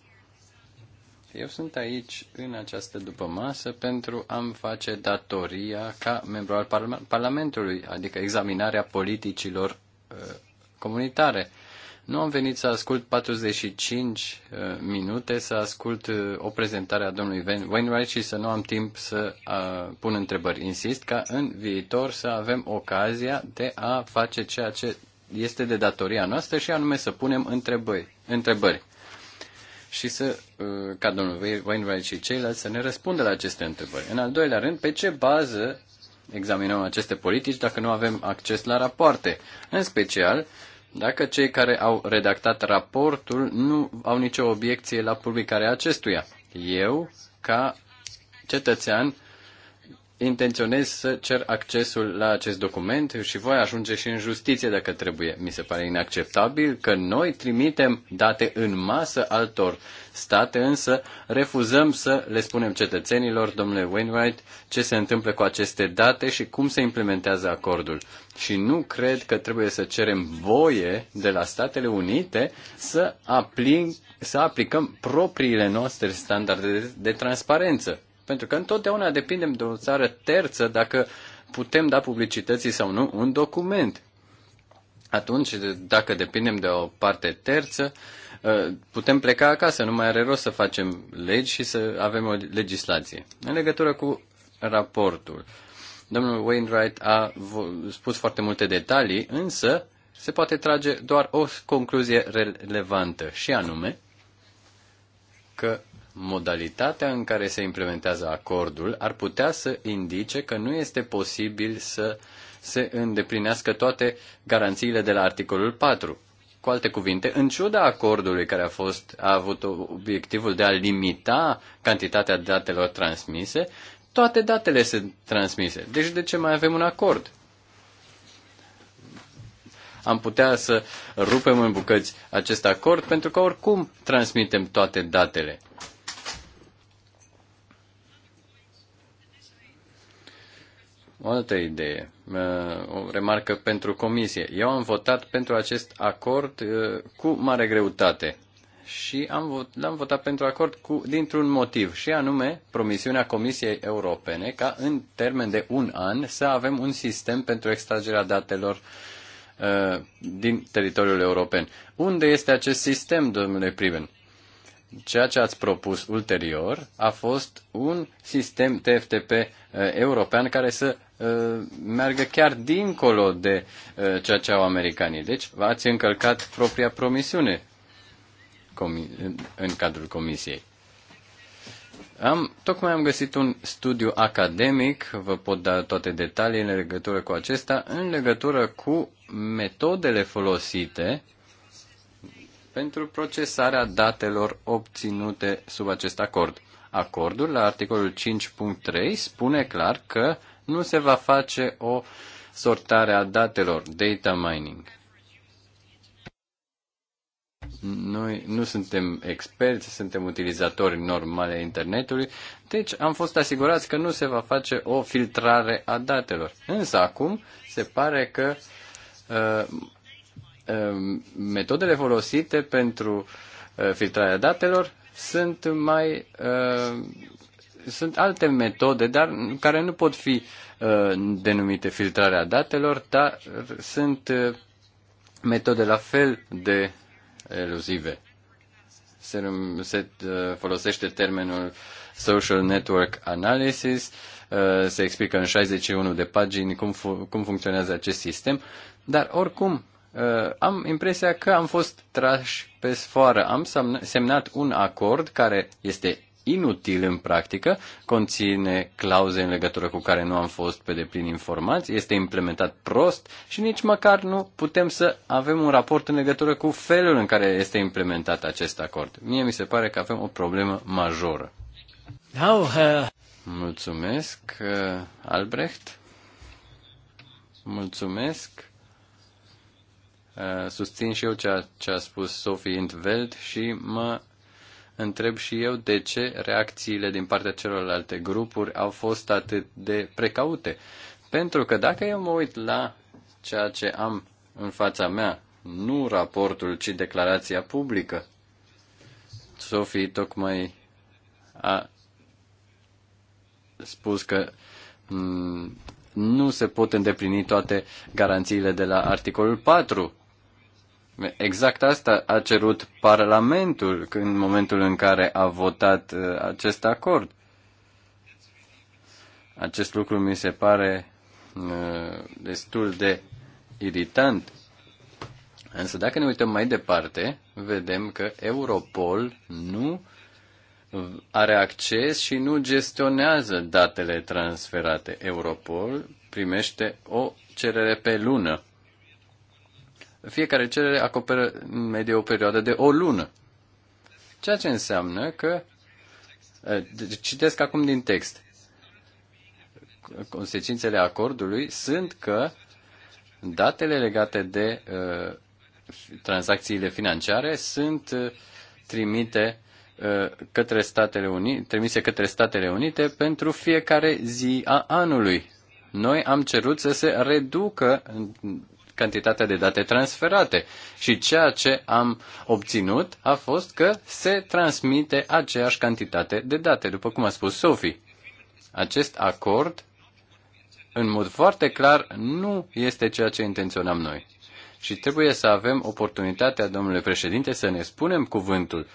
Eu sunt aici, în această masă pentru a-mi face datoria ca membru al Parlamentului, adică examinarea politicilor uh, comunitare. Uh, nu am venit să ascult 45 uh, minute, să ascult uh, o prezentare a domnului Wainwright și să nu am timp să uh, pun întrebări. Insist ca în viitor să avem ocazia de a face ceea ce este de datoria noastră și anume să punem întrebări. întrebări. Și să, ca domnul Wainwright și ceilalți, să ne răspundă la aceste întrebări. În al doilea rând, pe ce bază examinăm aceste politici dacă nu avem acces la rapoarte? În special, dacă cei care au redactat raportul nu au nicio obiecție la publicarea acestuia. Eu, ca cetățean, intenționez să cer accesul la acest document și voi ajunge și în justiție dacă trebuie. Mi se pare inacceptabil că noi trimitem date în masă altor state, însă refuzăm să le spunem cetățenilor, domnule Wainwright, ce se întâmplă cu aceste date și cum se implementează acordul. Și nu cred că trebuie să cerem voie de la Statele Unite să, aplic, să aplicăm propriile noastre standarde de, de transparență pentru că întotdeauna depindem de o țară terță dacă putem da publicității sau nu un document. Atunci, dacă depindem de o parte terță, uh, putem pleca acasă, nu mai are rost să facem legi și să avem o legislație. În legătură cu raportul, domnul Wainwright a spus foarte multe detalii, însă se poate trage doar o concluzie relevantă, și anume că modalitatea în care se implementează acordul ar putea să indice că nu este posibil să se îndeplinească toate garanțiile de la articolul 4. Cu alte cuvinte, în ciuda acordului care a, fost, a avut obiectivul de a limita cantitatea datelor transmise, toate datele sunt transmise. Deci de ce mai avem un acord? Am putea să rupem în bucăți acest acord pentru că oricum transmitem toate datele. O altă idee, uh, o remarcă pentru comisie. Eu am votat pentru acest acord uh, cu mare greutate și am vot, l-am votat pentru acord cu, dintr-un motiv, și anume promisiunea Comisiei Europene ca în termen de un an să avem un sistem pentru extragerea datelor uh, din teritoriul european. Unde este acest sistem, domnule Priven? ceea ce ați propus ulterior a fost un sistem TFTP uh, eh, european care să uh, meargă chiar dincolo de uh, ceea ce au americanii. Deci ați încălcat propria promisiune în cadrul comisiei. Am, tocmai am găsit un studiu academic, vă pot da toate detaliile în legătură cu acesta, în legătură cu metodele folosite uh, pentru procesarea datelor obținute sub acest acord. Acordul, la articolul 5.3, spune clar că nu se va face o sortare a datelor, data mining. Noi nu suntem experți, suntem utilizatori normale a internetului, deci am fost asigurați că nu se va face o filtrare a datelor. Însă acum se pare că uh, Ehm, metodele folosite pentru eh, filtrarea datelor sunt mai ehm, sunt alte metode, dar care nu pot fi eh, denumite filtrarea datelor, dar sunt eh, metode la fel de eluzive. Se, se folosește termenul social network analysis, se explică în 61 de pagini cum, cum funcționează acest sistem, dar oricum Uh, am impresia că am fost trași pe sfoară. Am semnat un acord care este inutil în practică, conține clauze în legătură cu care nu am fost pe deplin informați, este implementat prost și nici măcar nu putem să avem un raport în legătură cu felul în care este implementat acest acord. Mie mi se pare că avem o problemă majoră. Now, uh... Mulțumesc, uh, Albrecht. Mulțumesc. Eh, susțin și eu ceea ce a spus Sophie Intveld și mă întreb și eu de ce reacțiile din partea celorlalte grupuri au fost atât de precaute. Pentru că dacă eu mă uit la ceea ce am în fața mea, nu raportul, ci declarația publică, Sophie tocmai a spus că mm, nu se pot îndeplini toate garanțiile de la articolul 4 Exact asta a cerut Parlamentul în momentul în care a votat uh, acest acord. Acest lucru mi se pare uh, destul de iritant. Însă dacă ne uităm mai departe, vedem că Europol nu are acces și nu gestionează datele transferate. Europol primește o cerere pe lună fiecare cerere acoperă în medie o perioadă de o lună. Ceea ce înseamnă că, citesc acum din text, consecințele acordului sunt că datele legate de uh, tranzacțiile financiare sunt trimite către Statele Unite, trimise către Statele Unite pentru fiecare zi a anului. Noi am cerut să se reducă cantitatea de date transferate. Și ceea ce am obținut a fost că se transmite aceeași cantitate de date, după cum a spus Sophie. Acest acord, în mod foarte clar, nu este ceea ce intenționam noi. Și trebuie să avem oportunitatea, domnule președinte, să ne spunem cuvântul.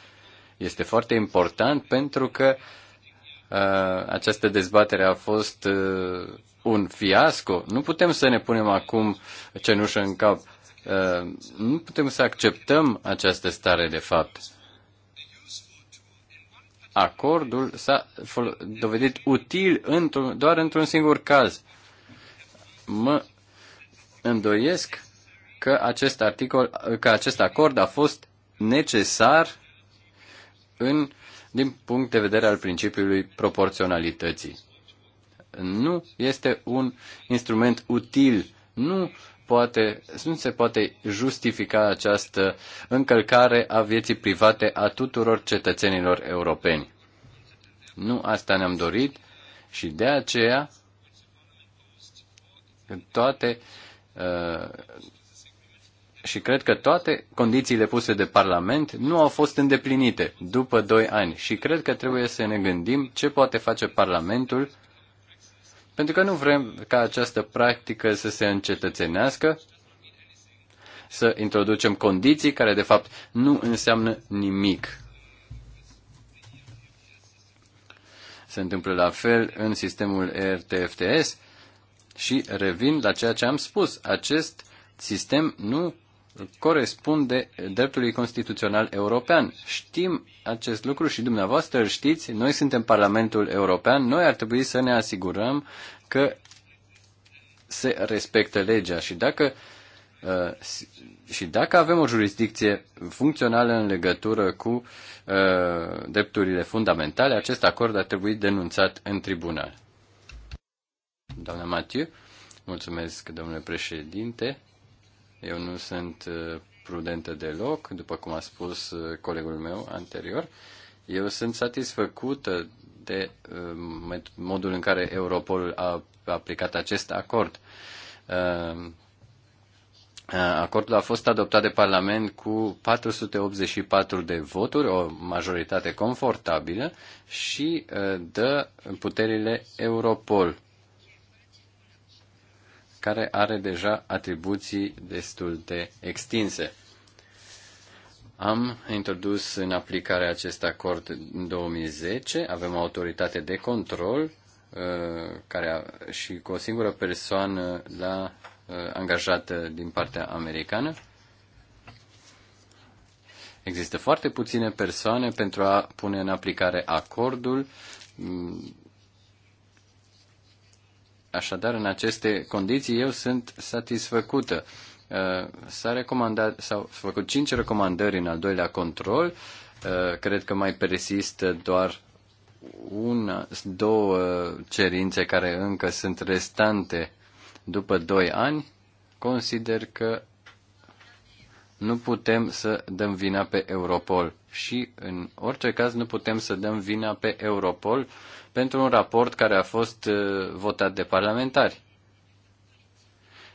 Este foarte important pentru că uh, această dezbatere a fost uh, un fiasco. Nu putem să ne punem acum cenușă în cap. Uh, nu putem să acceptăm această stare de fapt. Acordul s-a dovedit util într doar într-un singur caz. Mă îndoiesc că acest, articol, că acest acord a fost necesar în, din punct de vedere al principiului proporționalității nu este un instrument util. Nu, poate, nu se poate justifica această încălcare a vieții private a tuturor cetățenilor europeni. Nu asta ne-am dorit și de aceea toate uh, și cred că toate condițiile puse de Parlament nu au fost îndeplinite după doi ani și cred că trebuie să ne gândim ce poate face Parlamentul pentru că nu vrem ca această practică să se încetățenească, să introducem condiții care de fapt nu înseamnă nimic. Se întâmplă la fel în sistemul RTFTS și revin la ceea ce am spus. Acest sistem nu corespunde dreptului constituțional european. Știm acest lucru și dumneavoastră îl știți. Noi suntem Parlamentul European. Noi ar trebui să ne asigurăm că se respectă legea și dacă uh, și dacă avem o jurisdicție funcțională în legătură cu uh, drepturile fundamentale, acest acord ar trebui denunțat în tribunal. Doamna Mathieu, mulțumesc, domnule președinte. Eu nu sunt uh, prudentă deloc, după cum a spus uh, colegul meu anterior. Eu sunt satisfăcută de uh, modul în care Europol a aplicat acest acord. Acordul a fost adoptat de Parlament cu 484 de voturi, o majoritate confortabilă, și dă puterile Europol care are deja atribuții destul de extinse. Am introdus în aplicare acest acord în 2010, avem o autoritate de control uh, care și cu o singură persoană la uh, angajată din partea americană. Există foarte puține persoane pentru a pune în aplicare acordul mm, Așadar, în aceste condiții, eu sunt satisfăcută. Uh, s-a recomandat, s-au făcut cinci recomandări în al doilea control. Uh, cred că mai persistă doar una, două cerințe care încă sunt restante după doi ani. Consider că nu putem să dăm vina pe Europol și, în orice caz, nu putem să dăm vina pe Europol pentru un raport care a fost uh, votat de parlamentari.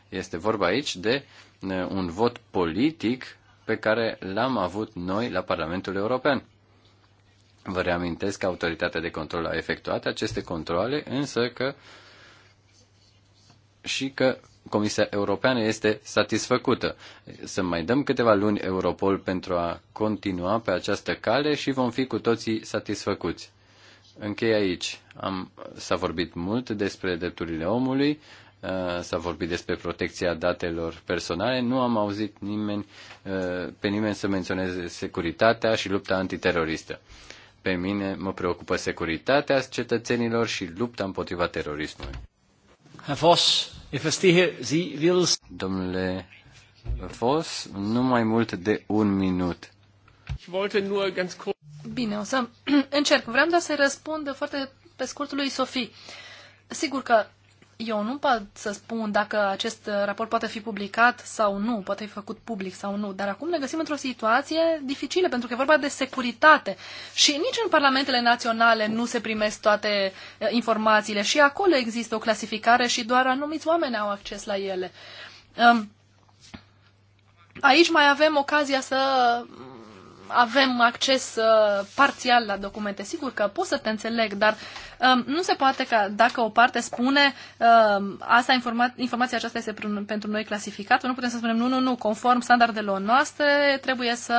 Este vorba aici de uh, un vot politic pe care l-am avut noi la Parlamentul European. Vă reamintesc că autoritatea de control a efectuat aceste controle, însă că și că Comisia Europeană este satisfăcută. Să mai dăm câteva luni Europol pentru a continua pe această cale și vom fi cu toții satisfăcuți închei aici. Am, s-a vorbit mult despre drepturile omului, uh, s-a vorbit despre protecția datelor personale, nu am auzit nimeni, uh, pe nimeni să menționeze securitatea și lupta antiteroristă. Pe mine mă preocupă securitatea cetățenilor și lupta împotriva terorismului. Domnule Voss, nu mai mult de un minut. Ich wollte nur ganz kurz... Bine, o să [clears throat] încerc. Vreau doar să-i răspund foarte pe scurt lui Sofie. Sigur că eu nu pot să spun dacă acest raport poate fi publicat sau nu, poate fi făcut public sau nu, dar acum ne găsim într-o situație dificilă, pentru că e vorba de securitate. Și nici în parlamentele naționale nu se primesc toate eh, informațiile și acolo există o clasificare și doar anumiți oameni au acces la ele. Aici mai avem ocazia să avem acces uh, parțial la documente. Sigur că pot să te înțeleg, dar um, nu se poate ca dacă o parte spune um, asta informa- informația aceasta este pentru noi clasificată, nu putem să spunem nu, nu, nu, conform standardelor noastre trebuie să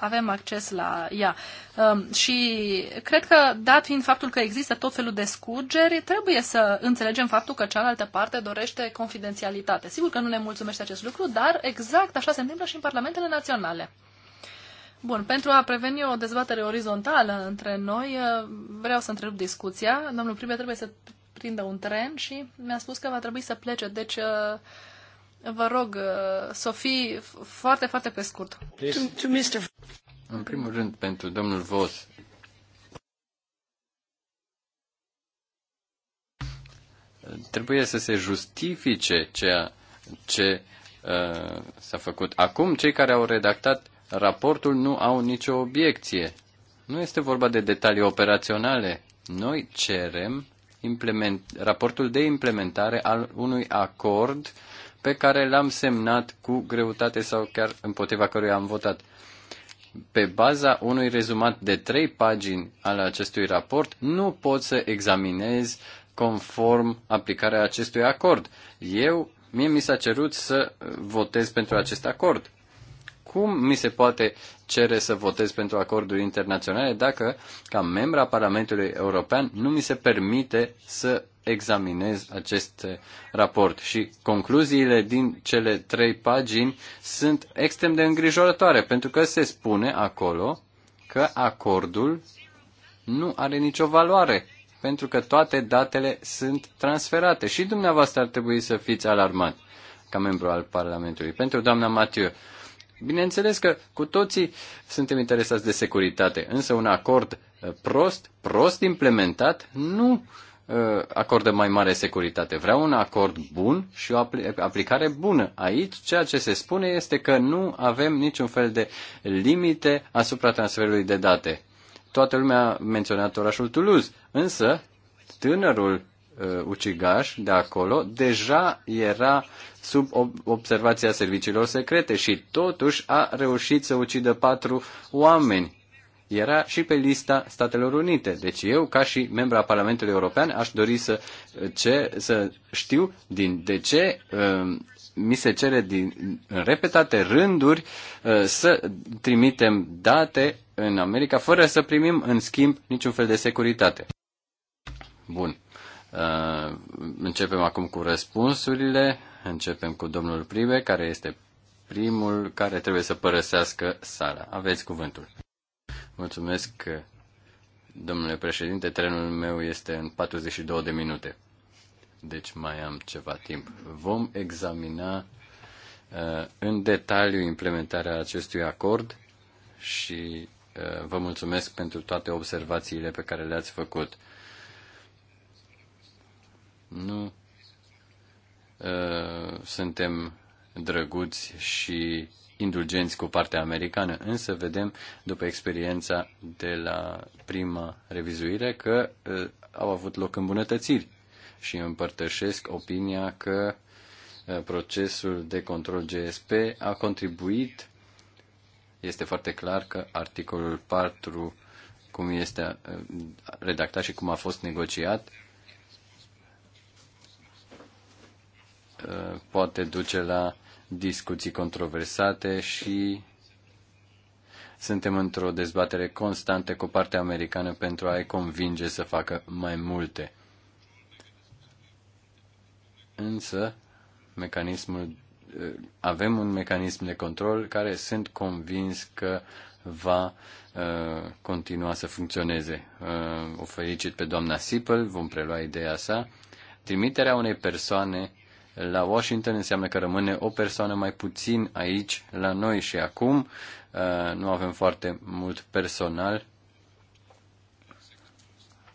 avem acces la ea. Um, și cred că, dat fiind faptul că există tot felul de scurgeri, trebuie să înțelegem faptul că cealaltă parte dorește confidențialitate. Sigur că nu ne mulțumește acest lucru, dar exact așa se întâmplă și în parlamentele naționale. Bun, pentru a preveni o dezbatere orizontală între noi, uh, vreau să întrerup discuția. Domnul Pribe trebuie să prindă un tren și mi-a spus că va trebui să plece, deci uh, vă rog, uh, să fie foarte, foarte pe scurt. În primul rând, pentru domnul Vos, trebuie să se justifice ceea ce uh, s-a făcut. Acum, cei care au redactat raportul nu au nicio obiecție. Nu este vorba de detalii operaționale. Noi cerem implement, raportul de implementare al unui acord pe care l-am semnat cu greutate sau chiar împotriva căruia am votat. Pe baza unui rezumat de trei pagini al acestui raport, nu pot să examinez conform aplicarea acestui acord. Eu, mie mi s-a cerut să votez pentru acest acord cum mi se poate cere să votez pentru acorduri internaționale dacă, ca membru a Parlamentului European, nu mi se permite să examinez acest raport. Și concluziile din cele trei pagini sunt extrem de îngrijorătoare, pentru că se spune acolo că acordul nu are nicio valoare, pentru că toate datele sunt transferate. Și dumneavoastră ar trebui să fiți alarmat ca membru al Parlamentului. Pentru doamna Mathieu, Bineînțeles că cu toții suntem interesați de securitate, însă un acord uh, prost, prost implementat, nu uh, acordă mai mare securitate. Vreau un acord bun și o aplicare bună. Aici ceea ce se spune este că nu avem niciun fel de limite asupra transferului de date. Toată lumea a menționat orașul Toulouse, însă tânărul uh, ucigaș de acolo deja era sub observația serviciilor secrete și totuși a reușit să ucidă patru oameni. Era și pe lista Statelor Unite. Deci eu, ca și membru a Parlamentului European, aș dori să, ce, să știu din de ce uh, mi se cere din în repetate rânduri uh, să trimitem date în America fără să primim în schimb niciun fel de securitate. Bun. Uh, începem acum cu răspunsurile. Începem cu domnul Prive, care este primul care trebuie să părăsească sala. Aveți cuvântul. Mulțumesc, domnule președinte. Trenul meu este în 42 de minute. Deci mai am ceva timp. Vom examina uh, în detaliu implementarea acestui acord și uh, vă mulțumesc pentru toate observațiile pe care le-ați făcut. Nu uh, suntem drăguți și indulgenți cu partea americană, însă vedem după experiența de la prima revizuire că uh, au avut loc îmbunătățiri și împărtășesc opinia că uh, procesul de control GSP a contribuit este foarte clar că articolul 4, cum este redactat și cum a fost negociat, Uh, poate duce la discuții controversate și suntem într-o dezbatere constantă cu partea americană pentru a-i convinge să facă mai multe. Însă, mecanismul, uh, avem un mecanism de control care sunt convins că va uh, continua să funcționeze. Uh, o felicit pe doamna Sipel, vom prelua ideea sa. Trimiterea unei persoane la Washington înseamnă că rămâne o persoană mai puțin aici la noi și acum. Uh, nu avem foarte mult personal,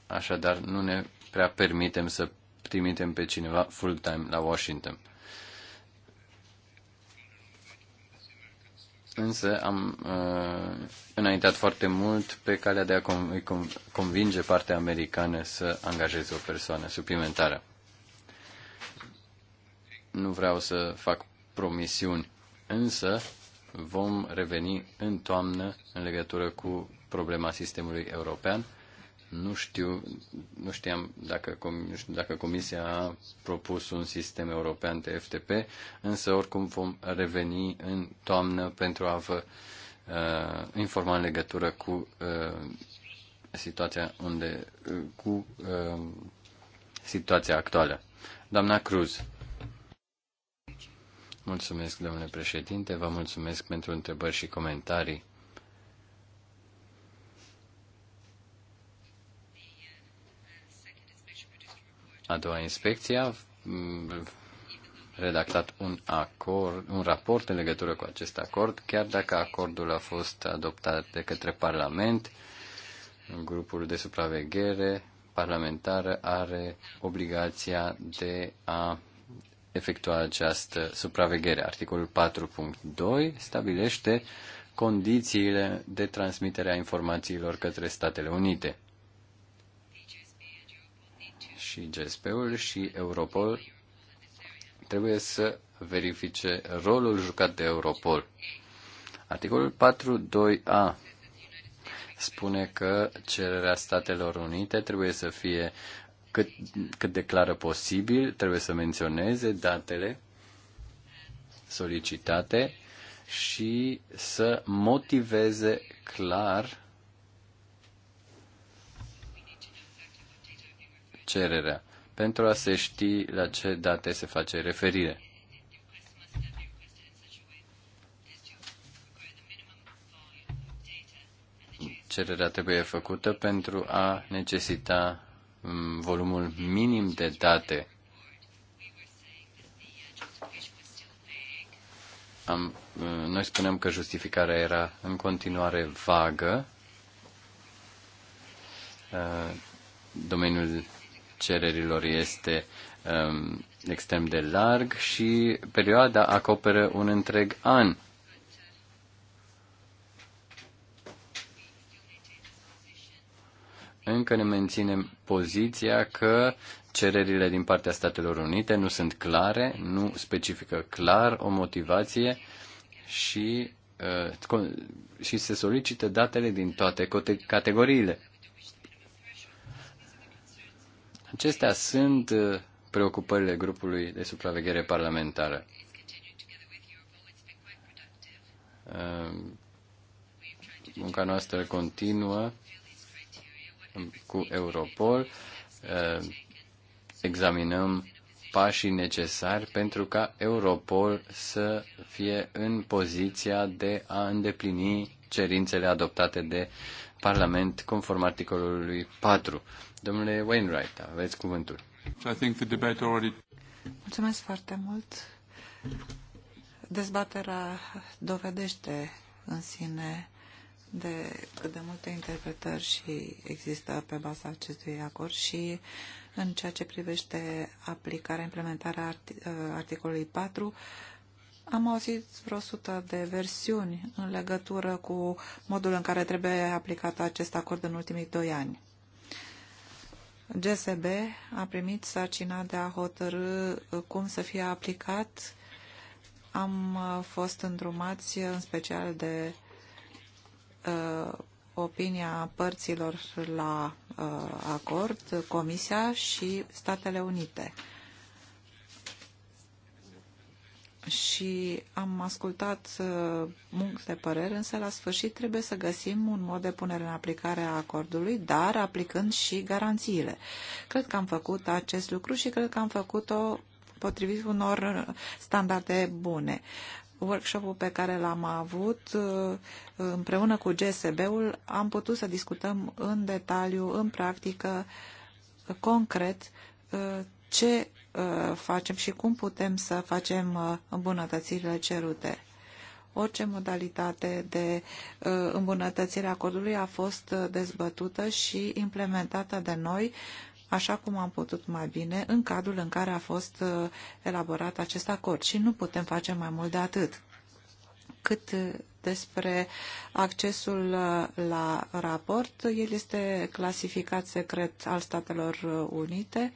așadar nu ne prea permitem să trimitem pe cineva full-time la Washington. Însă am uh, înaintat foarte mult pe calea de a convinge partea americană să angajeze o persoană suplimentară. Nu vreau să fac promisiuni, însă vom reveni în toamnă în legătură cu problema sistemului european. Nu știu, nu știam dacă, nu știu dacă Comisia a propus un sistem european de FTP, însă oricum vom reveni în toamnă pentru a vă uh, informa în legătură cu uh, situația unde, uh, cu uh, situația actuală. Doamna Cruz. Mulțumesc, domnule președinte, vă mulțumesc pentru întrebări și comentarii. A doua inspecție a mm, redactat un, acord, un raport în legătură cu acest acord, chiar dacă acordul a fost adoptat de către Parlament, grupul de supraveghere parlamentară are obligația de a efectua această supraveghere. Articolul 4.2 stabilește condițiile de transmitere a informațiilor către Statele Unite. Și GSP-ul și Europol trebuie să verifice rolul jucat de Europol. Articolul 4.2a spune că cererea Statelor Unite trebuie să fie cât, cât declară posibil, trebuie să menționeze datele solicitate și să motiveze clar cererea pentru a se ști la ce date se face referire. Cererea trebuie făcută pentru a necesita volumul minim de date. Am, uh, noi spuneam că justificarea era în continuare vagă. Uh, domeniul cererilor este um, extrem de larg și perioada acoperă un întreg an. încă ne menținem poziția că cererile din partea Statelor Unite nu sunt clare, nu specifică clar o motivație și, uh, și se solicită datele din toate categoriile. Acestea sunt uh, preocupările grupului de supraveghere parlamentară. Uh, munca noastră continuă cu Europol uh, examinăm pașii necesari pentru ca Europol să fie în poziția de a îndeplini cerințele adoptate de Parlament conform articolului 4. Domnule Wainwright, aveți cuvântul. Mulțumesc foarte mult. Dezbaterea dovedește în sine de cât de multe interpretări și există pe baza acestui acord și în ceea ce privește aplicarea, implementarea uh, articolului 4, am auzit vreo sută de versiuni în legătură cu modul în care trebuie aplicat acest acord în ultimii doi ani. GSB a primit sarcina de a hotărâ cum să fie aplicat. Am uh, fost îndrumați în special de Uh, opinia părților la uh, acord, Comisia și Statele Unite. Și am ascultat uh, multe păreri, însă la sfârșit trebuie să găsim un mod de punere în aplicare a acordului, dar aplicând și garanțiile. Cred că am făcut acest lucru și cred că am făcut-o potrivit unor standarde bune workshop-ul pe care l-am avut uh, împreună cu GSB-ul, am putut să discutăm în detaliu, în practică, concret, uh, ce uh, facem și cum putem să facem îmbunătățirile cerute. Orice modalitate de îmbunătățire a acordului a fost dezbătută și implementată de noi așa cum am putut mai bine, în cadrul în care a fost uh, elaborat acest acord și nu putem face mai mult de atât. Cât uh, despre accesul uh, la raport, el este clasificat secret al Statelor Unite,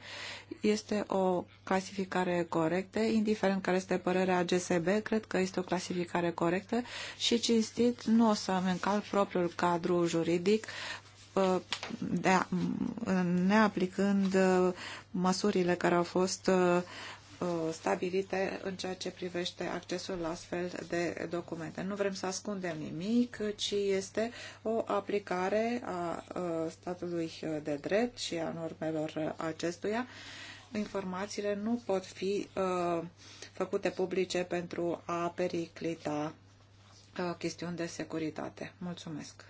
este o clasificare corectă, indiferent care este părerea GSB, cred că este o clasificare corectă și cinstit nu o să-mi încalc propriul cadru juridic Uh, mm, neaplicând uh, măsurile care au fost uh, stabilite în ceea ce privește accesul la astfel de documente. Nu vrem să ascundem nimic, ci este o aplicare a statului de drept și a normelor acestuia. Informațiile nu pot fi făcute publice pentru a periclita chestiuni de securitate. Mulțumesc!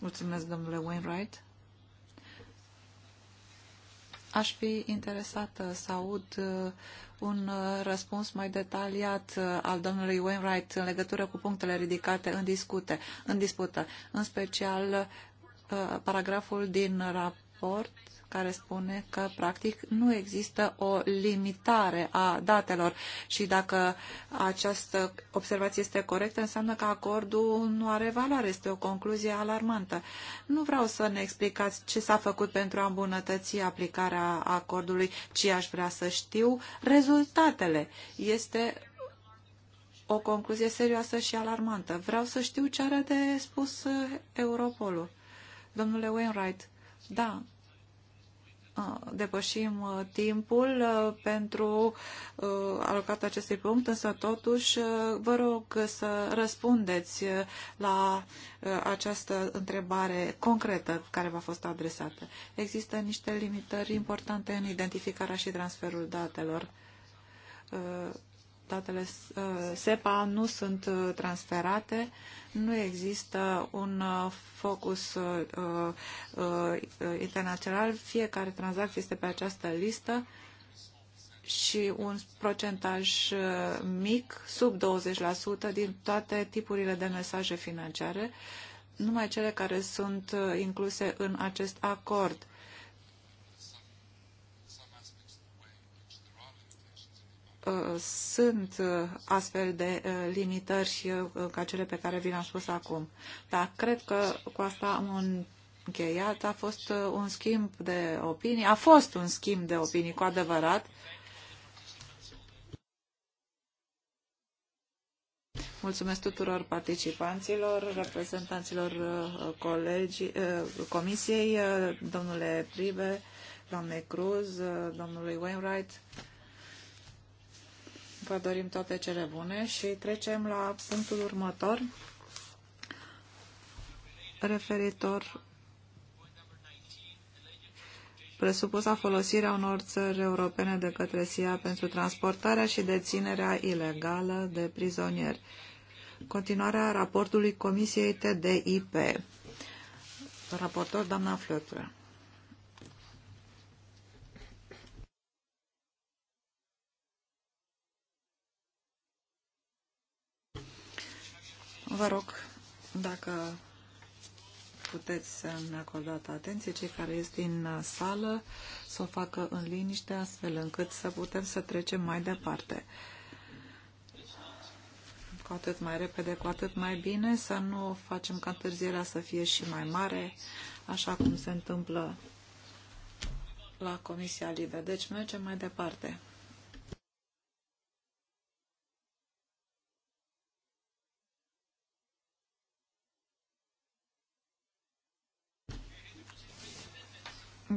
Mulțumesc, domnule Wainwright. Aș fi interesată uh, să aud uh, un uh, răspuns mai detaliat al domnului Wainwright în legătură cu punctele ridicate în, discute, în dispută, în special paragraful din raport care spune că practic nu există o limitare a datelor și dacă această observație este corectă, înseamnă că acordul nu are valoare, este o concluzie alarmantă. Nu vreau să ne explicați ce s-a făcut pentru a îmbunătăți aplicarea acordului, ci aș vrea să știu rezultatele. Este o concluzie serioasă și alarmantă. Vreau să știu ce are de spus eh, Europolul. Domnule Wainwright, da, Uh, depășim uh, timpul uh, pentru alocat acestui punct, însă totuși vă rog să răspundeți la această întrebare concretă care v-a fost adresată. Există niște limitări importante în identificarea și transferul datelor statele uh, SEPA nu sunt uh, transferate, nu există un uh, focus internațional, fiecare tranzacție este pe această listă și un procentaj mic, sub 20% din toate tipurile de mesaje financiare, numai cele care sunt incluse în acest acord Uh, sunt uh, astfel de uh, limitări și ca cele pe care vi le-am spus acum. Dar cred că cu asta am un încheiat, a fost un schimb de opinii, a fost un schimb de opinii cu adevărat. Mulțumesc tuturor participanților, reprezentanților colegi, comisiei, domnule Prive, doamne Cruz, domnului Wainwright. Vă dorim toate cele bune și trecem la punctul următor referitor presupusa folosirea unor țări europene de către SIA pentru transportarea și deținerea ilegală de prizonieri. Continuarea raportului Comisiei TDIP. Raportor, doamna Flătră. Vă rog, dacă puteți să-mi acordați atenție, cei care ies din sală să o facă în liniște, astfel încât să putem să trecem mai departe. Cu atât mai repede, cu atât mai bine, să nu facem ca întârzierea să fie și mai mare, așa cum se întâmplă la Comisia Libe. Deci mergem mai departe.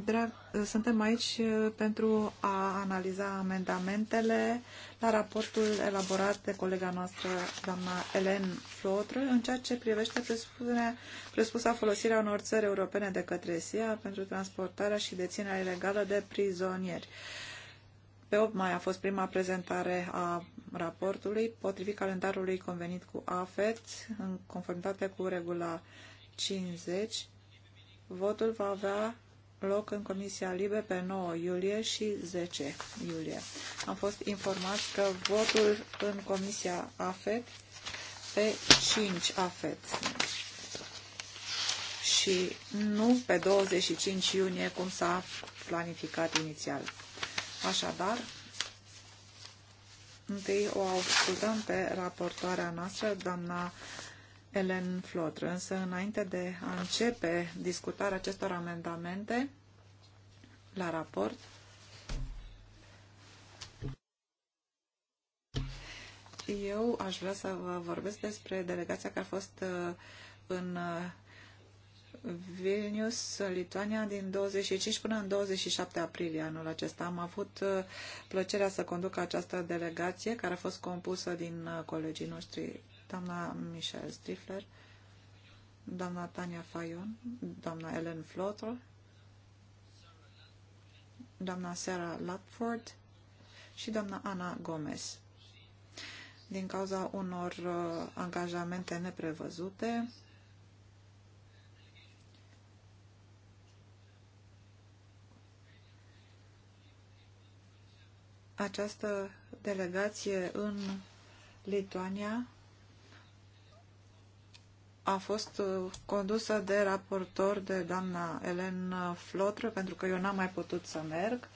Drag, suntem aici eh, pentru a analiza amendamentele la raportul elaborat de colega noastră, doamna Elen Flotră, în ceea ce privește presupusa folosirea unor țări europene de către SIA pentru transportarea și deținerea ilegală de prizonieri. Pe 8 mai a fost prima prezentare a raportului, potrivit calendarului convenit cu AFET, în conformitate cu regula 50. Votul va avea loc în Comisia Libe pe 9 iulie și 10 iulie. Am fost informați că votul în Comisia AFET pe 5 AFET și nu pe 25 iunie, cum s-a planificat inițial. Așadar, întâi o ascultăm pe raportoarea noastră, doamna Ellen Flotr, însă înainte de a începe discutarea acestor amendamente la raport, eu aș vrea să vă vorbesc despre delegația care a fost uh, în uh, Vilnius, Lituania, din 25 până în 27 aprilie anul acesta. Am avut uh, plăcerea să conduc această delegație care a fost compusă din colegii noștri doamna Michelle Stifler, doamna Tania Fayon, doamna Ellen Flotter, doamna Sarah Latford și doamna Ana Gomez. Din cauza unor uh, angajamente neprevăzute, această delegație în Lituania a fost uh, condusă de raportor de doamna Elen Flotră, pentru că eu n-am mai putut să merg.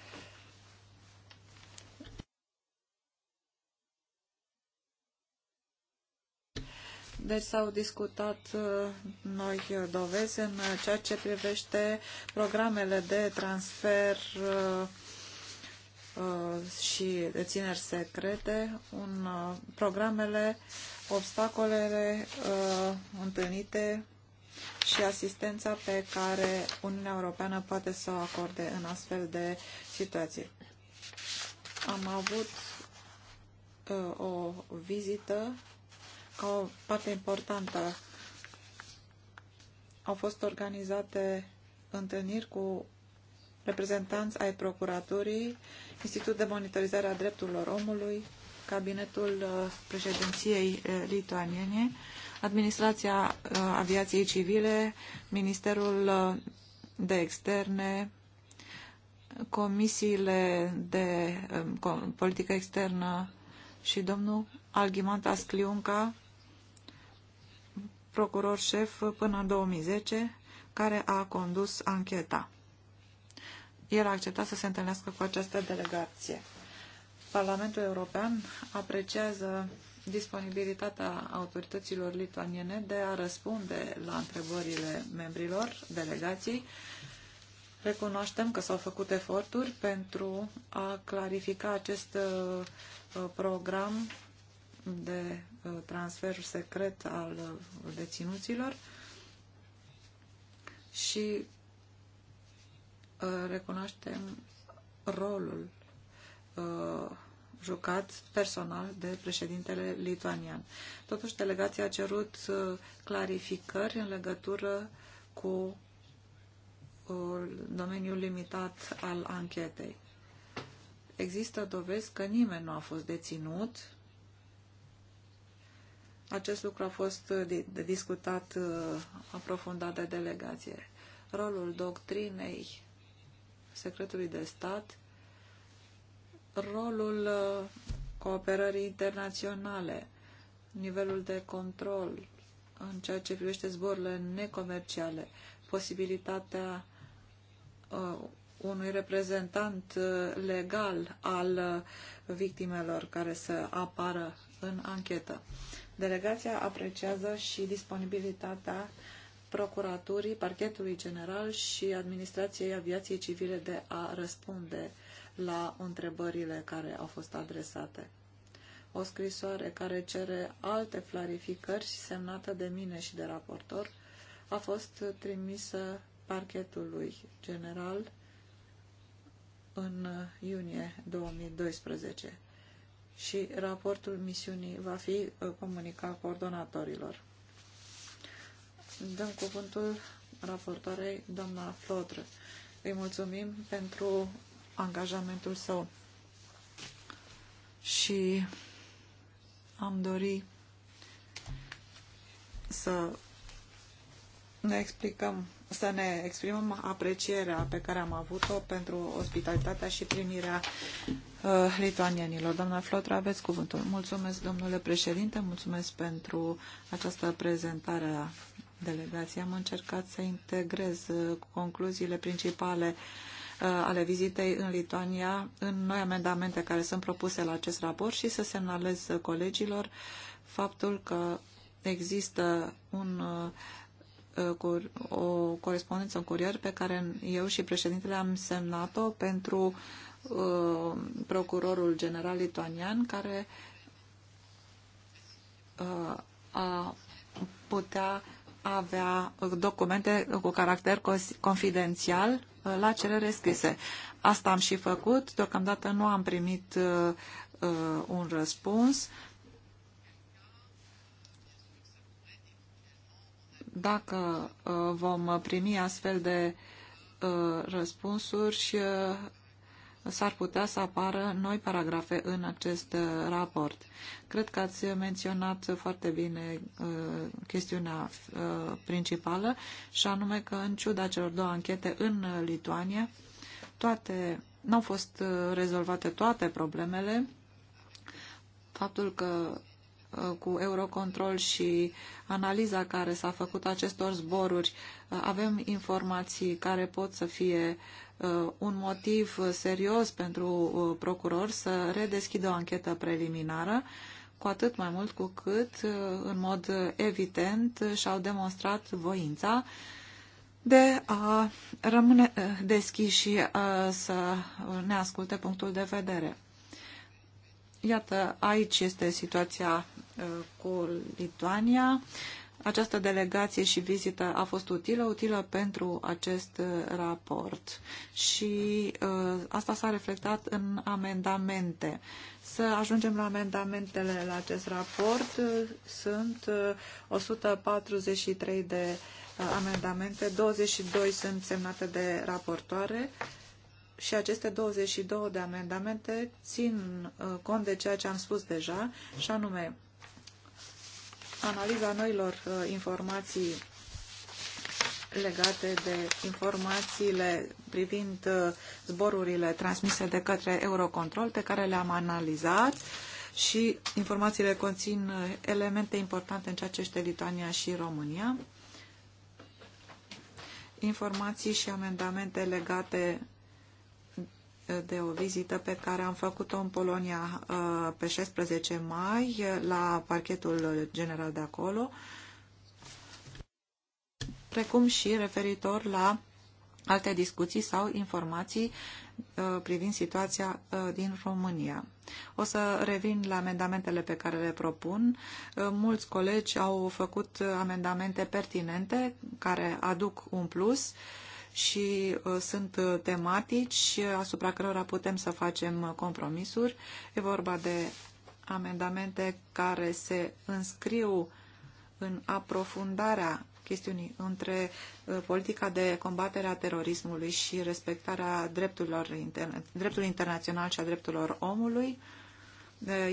Deci s-au discutat uh, noi dovezi în ceea ce privește programele de transfer uh, și de țineri secrete, un, programele uh, obstacolele uh, întâlnite și asistența pe care Uniunea Europeană poate să o acorde în astfel de situații. Am avut uh, o vizită ca o parte importantă. Au fost organizate întâlniri cu reprezentanți ai Procuraturii, Institut de Monitorizare a Drepturilor Omului, cabinetul uh, președinției uh, lituaniene, administrația uh, aviației civile, Ministerul de Externe, comisiile de um, politică externă și domnul Alghimanta Scliunca, procuror șef până în 2010, care a condus ancheta. El a acceptat să se întâlnească cu această delegație. Parlamentul European apreciază disponibilitatea autorităților lituaniene de a răspunde la întrebările membrilor delegației. Recunoaștem că s-au făcut eforturi pentru a clarifica acest uh, uh, program de uh, transfer secret al deținuților și recunoaștem rolul jucat personal de președintele lituanian. Totuși, delegația a cerut uh, clarificări în legătură cu uh, domeniul limitat al anchetei. Există dovezi că nimeni nu a fost deținut. Acest lucru a fost uh, discutat aprofundat de delegație. Rolul doctrinei secretului de stat rolul uh, cooperării internaționale, nivelul de control în ceea ce privește zborurile necomerciale, posibilitatea uh, unui reprezentant uh, legal al uh, victimelor care să apară în anchetă. Delegația apreciază și disponibilitatea procuraturii, parchetului general și administrației aviației civile de a răspunde la întrebările care au fost adresate. O scrisoare care cere alte clarificări și semnată de mine și de raportor a fost trimisă parchetului general în iunie 2012 și raportul misiunii va fi uh, comunicat coordonatorilor. Dăm cuvântul raportoarei doamna Flodr. Îi mulțumim pentru angajamentul său. Și am dori să ne explicăm, să ne exprimăm aprecierea pe care am avut-o pentru ospitalitatea și primirea uh, lituanienilor. Doamna Flotra, aveți cuvântul. Mulțumesc, domnule președinte, mulțumesc pentru această prezentare a delegației. Am încercat să integrez uh, concluziile principale uh, Uh, ale vizitei în Lituania în noi amendamente care sunt propuse la acest raport și să semnalez colegilor faptul că există un, uh, uh, o corespondență, un curier pe care eu și președintele am semnat-o pentru procurorul general lituanian care a putea avea documente cu caracter confidențial la cerere scrise. Asta am și făcut, deocamdată nu am primit uh, un răspuns. Dacă uh, vom primi astfel de uh, răspunsuri și s-ar putea să apară noi paragrafe în acest uh, raport. Cred că ați menționat foarte bine uh, chestiunea uh, principală și anume că în ciuda celor două anchete în Lituania, toate, n-au fost rezolvate toate problemele. Faptul că cu Eurocontrol și analiza care s-a făcut acestor zboruri, avem informații care pot să fie uh, Uh, un motiv uh, serios pentru uh, procuror să redeschidă o anchetă preliminară, cu atât mai mult cu cât, în mod evident, și-au demonstrat voința de a rămâne deschiși și să ne asculte punctul de vedere. Iată, aici este situația cu Lituania. Această delegație și vizită a fost utilă, utilă pentru acest uh, raport și uh, asta s-a reflectat în amendamente. Să ajungem la amendamentele la acest raport. Uh, sunt uh, 143 de uh, amendamente, 22 sunt semnate de raportoare și aceste 22 de amendamente țin uh, cont de ceea ce am spus deja și anume analiza noilor uh, informații legate de informațiile privind uh, zborurile transmise de către Eurocontrol pe care le-am analizat și informațiile conțin uh, elemente importante în ceea ce este Lituania și România, informații și amendamente legate de o vizită pe care am făcut-o în Polonia uh, pe 16 mai la parchetul general de acolo, precum și referitor la alte discuții sau informații uh, privind situația uh, din România. O să revin la amendamentele pe care le propun. Mulți colegi au făcut amendamente pertinente care aduc un plus și uh, sunt uh, tematici asupra cărora putem să facem uh, compromisuri. E vorba de amendamente care se înscriu în aprofundarea chestiunii între politica de combatere a terorismului și respectarea drepturilor drepturilor dreptului internațional și a drepturilor omului,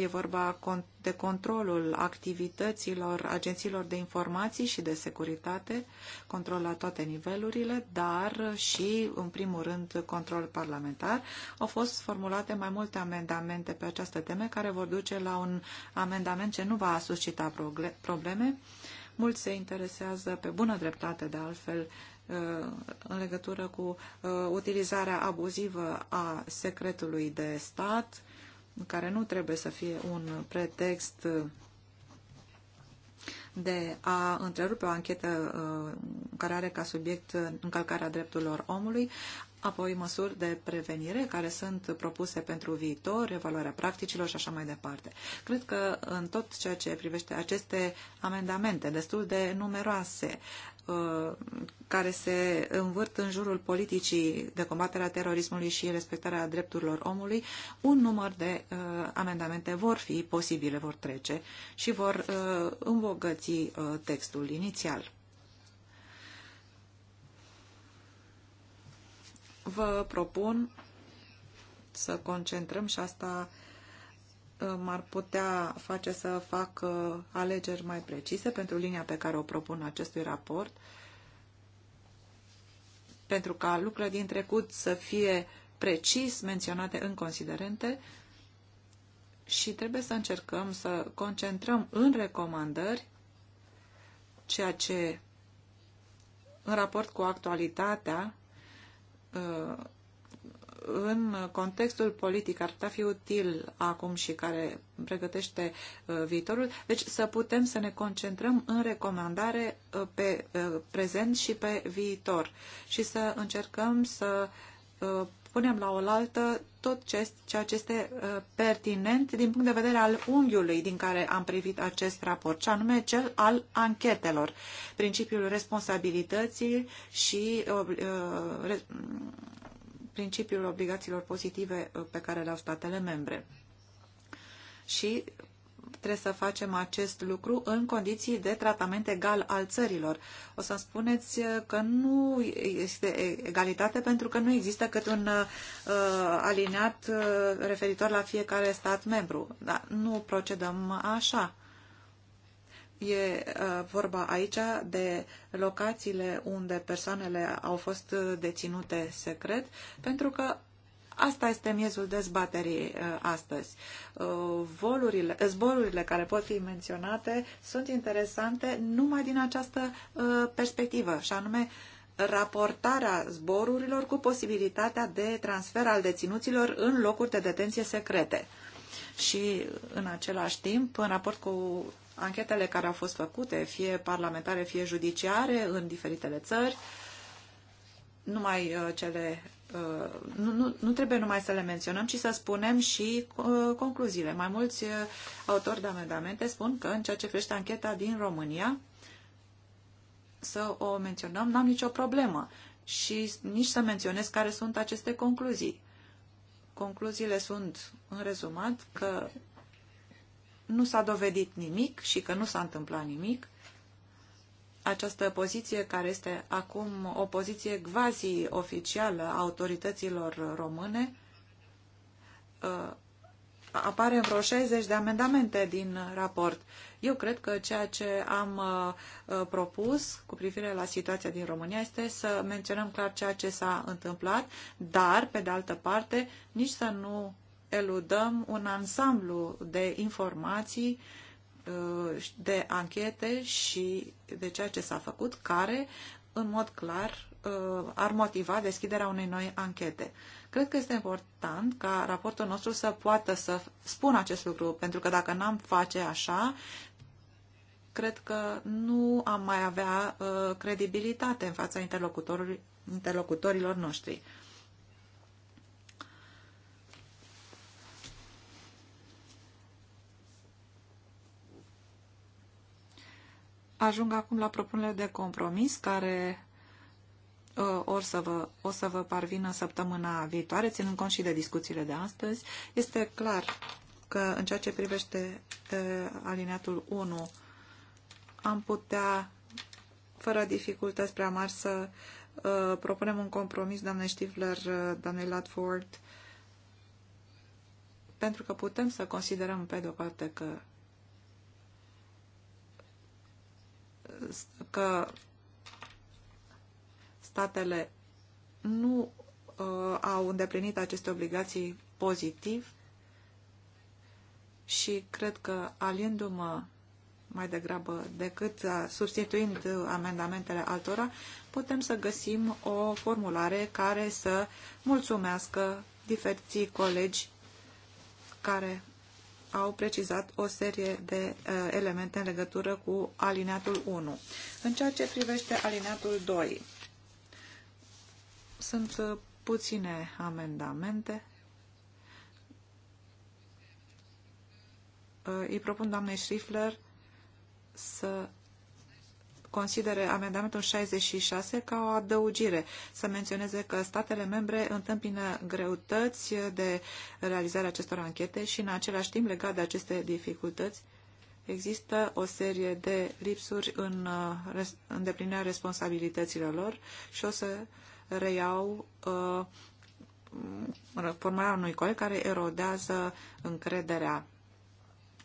E vorba de controlul activităților agențiilor de informații și de securitate, control la toate nivelurile, dar și, în primul rând, control parlamentar. Au fost formulate mai multe amendamente pe această teme care vor duce la un amendament ce nu va suscita probleme. Mulți se interesează pe bună dreptate, de altfel, uh, în legătură cu uh, utilizarea abuzivă a secretului de stat, care nu trebuie să fie un pretext de a întrerupe o anchetă uh, care are ca subiect încălcarea drepturilor omului, apoi măsuri de prevenire care sunt propuse pentru viitor, evaluarea practicilor și așa mai departe. Cred că în tot ceea ce privește aceste amendamente destul de numeroase Uh, care se învârt în jurul politicii de combatere a terorismului și respectarea drepturilor omului, un număr de uh, amendamente vor fi posibile, vor trece și vor uh, îmbogăți uh, textul inițial. Vă propun să concentrăm și asta Uh, m-ar putea face să fac uh, alegeri mai precise pentru linia pe care o propun acestui raport, pentru ca lucrurile din trecut să fie precis menționate în considerente și trebuie să încercăm să concentrăm în recomandări ceea ce în raport cu actualitatea uh, în contextul politic ar putea fi util acum și care pregătește uh, viitorul, deci să putem să ne concentrăm în recomandare uh, pe uh, prezent și pe viitor și să încercăm să punem la oaltă tot ceea ce este pertinent din punct de vedere al unghiului din care am privit acest raport, și anume cel al anchetelor, principiul responsabilității și principiul obligațiilor pozitive uh, pe care le au statele membre. Și trebuie să facem acest lucru în condiții de tratament egal al țărilor. O să spuneți uh, că nu este egalitate pentru că nu există cât un uh, alineat uh, referitor la fiecare stat membru. Dar nu procedăm așa. E uh, vorba aici de locațiile unde persoanele au fost deținute secret, pentru că asta este miezul dezbaterii uh, astăzi. Uh, volurile, zborurile care pot fi menționate sunt interesante numai din această perspectivă, și anume raportarea zborurilor cu posibilitatea de transfer al deținuților în locuri de detenție secrete. Și în același timp, în raport cu anchetele care au fost făcute, fie parlamentare, fie judiciare, în diferitele țări, numai uh, cele, uh, nu, nu, nu trebuie numai să le menționăm, ci să spunem și uh, concluziile. Mai mulți autori de amendamente spun că în ceea ce privește ancheta din România, să o menționăm, n-am nicio problemă și nici să menționez care sunt aceste concluzii. Concluziile sunt, în rezumat, că nu s-a dovedit nimic și că nu s-a întâmplat nimic. Această poziție care este acum o poziție quasi-oficială a autorităților române uh, apare în vreo 60 de amendamente din raport. Eu cred că ceea ce am uh, uh, propus cu privire la situația din România este să menționăm clar ceea ce s-a întâmplat, dar, pe de altă parte, nici să nu eludăm un ansamblu de informații, uh, de anchete și de ceea ce s-a făcut, care, în mod clar, uh, ar motiva deschiderea unei noi anchete. Cred că este important ca raportul nostru să poată să spună acest lucru, pentru că dacă n-am face așa, cred că nu am mai avea uh, credibilitate în fața interlocutorilor noștri. Ajung acum la propunerile de compromis care uh, or să vă, o să vă parvină săptămâna viitoare, ținând cont și de discuțiile de astăzi. Este clar că în ceea ce privește uh, alineatul 1 am putea fără dificultăți prea mari să uh, propunem un compromis doamnei Stifler, uh, doamnei Latford, pentru că putem să considerăm pe de-o parte că că statele nu uh, au îndeplinit aceste obligații pozitiv și cred că aliindu-mă mai degrabă decât uh, substituind uh, amendamentele altora, putem să găsim o formulare care să mulțumească diferiții colegi care au precizat o serie de uh, elemente în legătură cu alineatul 1. În ceea ce privește alineatul 2, sunt uh, puține amendamente. Uh, îi propun doamnei Schriffler să considere amendamentul 66 ca o adăugire, să menționeze că statele membre întâmpină greutăți de realizarea acestor anchete și în același timp legat de aceste dificultăți există o serie de lipsuri în uh, îndeplinirea responsabilităților lor și o să reiau uh, formarea unui coleg care erodează încrederea.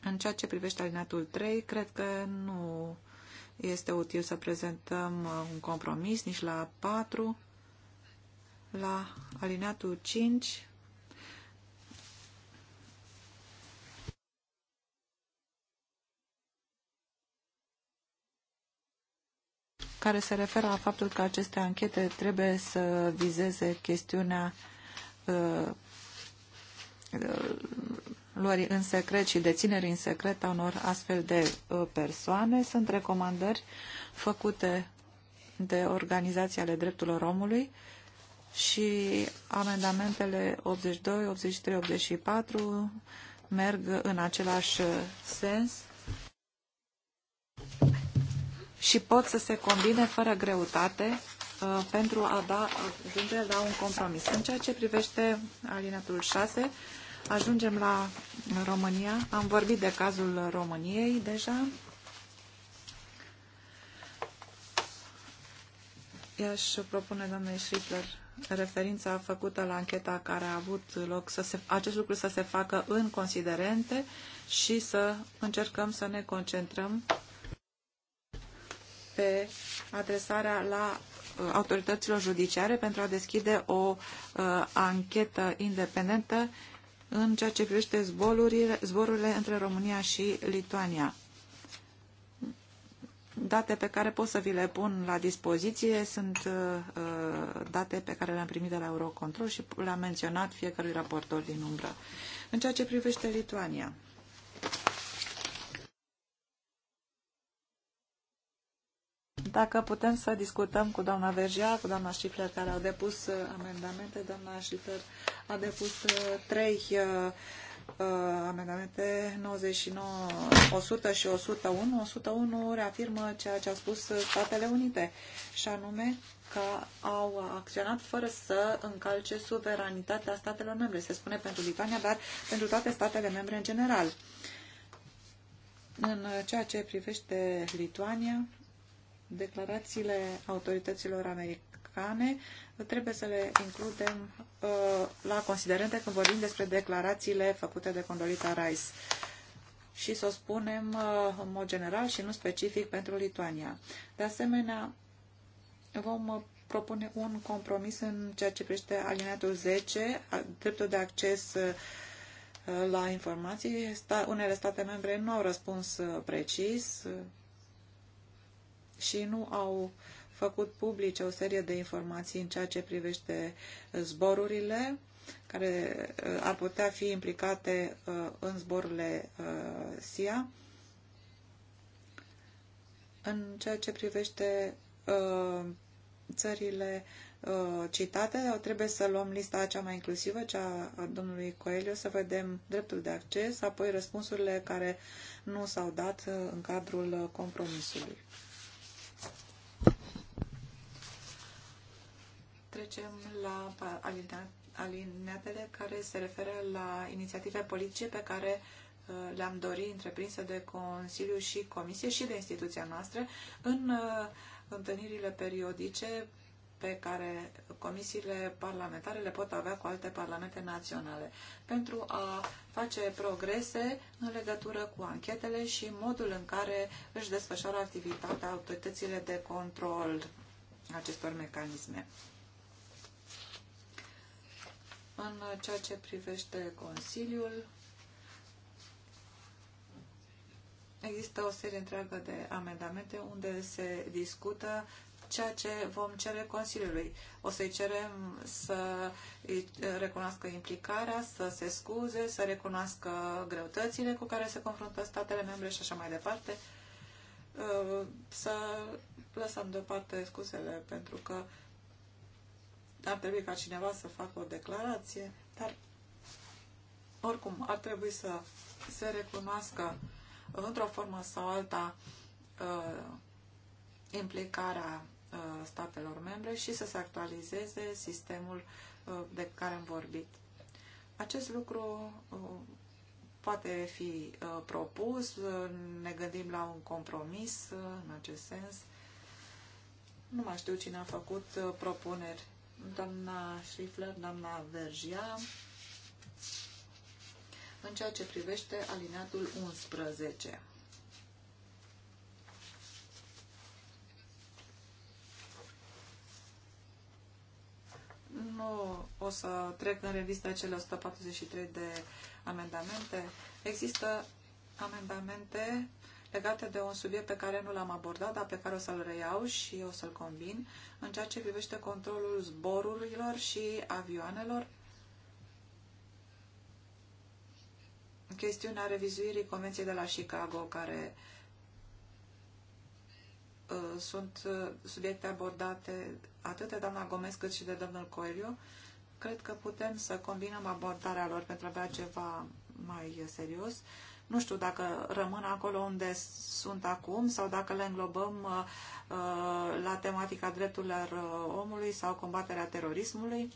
În ceea ce privește alinatul 3, cred că nu este util să prezentăm uh, un compromis nici la 4, la alineatul 5. care se referă la faptul că aceste anchete trebuie să vizeze chestiunea uh, uh, luării în secret și deținerii în secret a unor astfel de uh, persoane sunt recomandări făcute de Organizația ale drepturilor omului și amendamentele 82, 83, 84 merg în același uh, sens și pot să se combine fără greutate uh, pentru a da ajunge la un compromis. În ceea ce privește alineatul 6, Ajungem la România. Am vorbit de cazul României deja. I-aș propune, doamnei Schrittler, referința făcută la ancheta care a avut loc, să se, acest lucru să se facă în considerente și să încercăm să ne concentrăm pe adresarea la uh, autorităților judiciare pentru a deschide o uh, anchetă independentă în ceea ce privește zborurile, zborurile între România și Lituania. Date pe care pot să vi le pun la dispoziție sunt uh, uh date pe care le-am primit de la Eurocontrol și le-am menționat fiecărui raportor din umbră. În ceea ce privește Lituania, Dacă putem să discutăm cu doamna Vergea, cu doamna Șifler, care au depus uh, amendamente, doamna Șifler a depus uh, trei uh, uh amendamente 99, 100 și 101. 101 reafirmă ceea ce a spus Statele Unite și anume că au acționat fără să încalce suveranitatea statelor membre. Se spune pentru Litania, dar pentru toate statele membre în general. În ceea ce privește Lituania, declarațiile autorităților americane trebuie să le includem uh, la considerente când vorbim despre declarațiile făcute de Condolita Rice și să o spunem uh, în mod general și nu specific pentru Lituania. De asemenea, vom uh, propune un compromis în ceea ce privește alineatul 10, dreptul de acces uh, la informații. Sta unele state membre nu au răspuns uh, precis uh, și nu au făcut publice o serie de informații în ceea ce privește uh, zborurile care uh, ar putea fi implicate uh, în zborurile SIA. În ceea ce privește țările citate, trebuie să luăm lista cea mai inclusivă, cea a domnului Coelho, să vedem dreptul de acces, apoi răspunsurile care nu s-au dat în cadrul compromisului. trecem la alineatele care se referă la inițiative politice pe care uh, le-am dorit întreprinse de Consiliu și Comisie și de instituția noastră în uh, întâlnirile periodice pe care comisiile parlamentare le pot avea cu alte parlamente naționale pentru a face progrese în legătură cu anchetele și modul în care își desfășoară activitatea autoritățile de control acestor mecanisme. În ceea ce privește Consiliul, există o serie întreagă de amendamente unde se discută ceea ce vom cere Consiliului. O să-i cerem să recunoască implicarea, să se scuze, să recunoască greutățile cu care se confruntă statele membre și așa mai departe. Să lăsăm deoparte scuzele pentru că ar trebui ca cineva să facă o declarație, dar oricum ar trebui să se recunoască într-o formă sau alta uh, implicarea uh, statelor membre și să se actualizeze sistemul uh, de care am vorbit. Acest lucru poate fi propus, ne gândim la un compromis în acest sens. Nu mai știu cine a făcut propuneri doamna Schiffler, doamna Vergia, în ceea ce privește alineatul 11. Nu o să trec în revistă cele 143 de amendamente. Există amendamente uh, legate de un subiect pe care nu l-am abordat, dar pe care o să-l reiau și o să-l combin, în ceea ce privește controlul zborurilor și avioanelor. Chestiunea revizuirii Convenției de la Chicago, care uh, sunt uh, subiecte abordate atât de doamna Gomez cât și de domnul Coelho, cred că putem să combinăm abordarea lor pentru a avea ceva mai serios. Uh, nu știu dacă rămân acolo unde sunt acum sau dacă le înglobăm uh, uh, la tematica drepturilor uh, omului sau combaterea terorismului.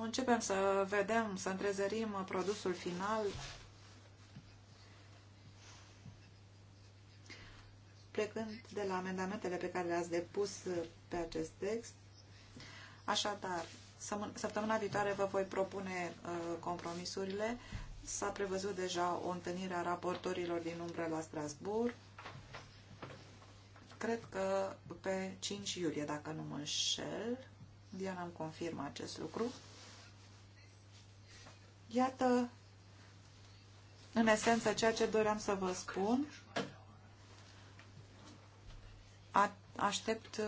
Începem să vedem, să întrezărim produsul final plecând de la amendamentele pe care le-ați depus pe acest text. Așadar, săptămâna viitoare vă voi propune compromisurile. S-a prevăzut deja o întâlnire a raportorilor din umbră la Strasbourg. Cred că pe 5 iulie, dacă nu mă înșel, Diana îmi confirmă acest lucru. Iată, în esență, ceea ce doream să vă spun. A aștept uh,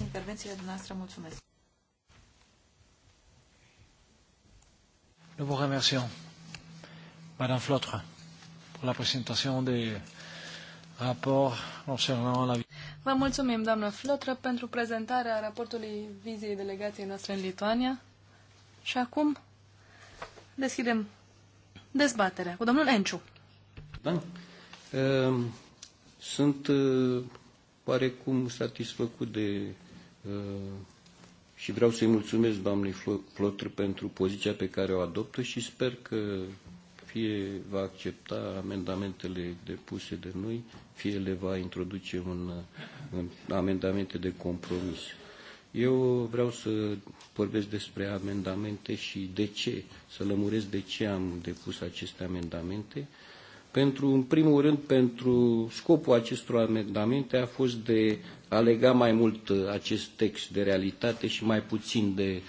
intervențiile dumneavoastră. Mulțumesc. Nous vous remercions. Madame Flotre, pour la présentation des rapports concernant la Vă mulțumim, doamnă Flotră, pentru prezentarea raportului viziei delegației noastre în Lituania. Și acum deschidem dezbaterea cu domnul Enciu. Da. Ehm, sunt oarecum satisfăcut de și vreau să-i mulțumesc doamnei Flotră pentru poziția pe care o adoptă și sper că fie va accepta amendamentele depuse de noi, fie le va introduce în, în amendamente de compromis. Eu vreau să vorbesc despre amendamente și de ce, să lămuresc de ce am depus aceste amendamente. Pentru, în primul rând, pentru scopul acestor amendamente a fost de a lega mai mult uh, acest text de realitate și mai puțin de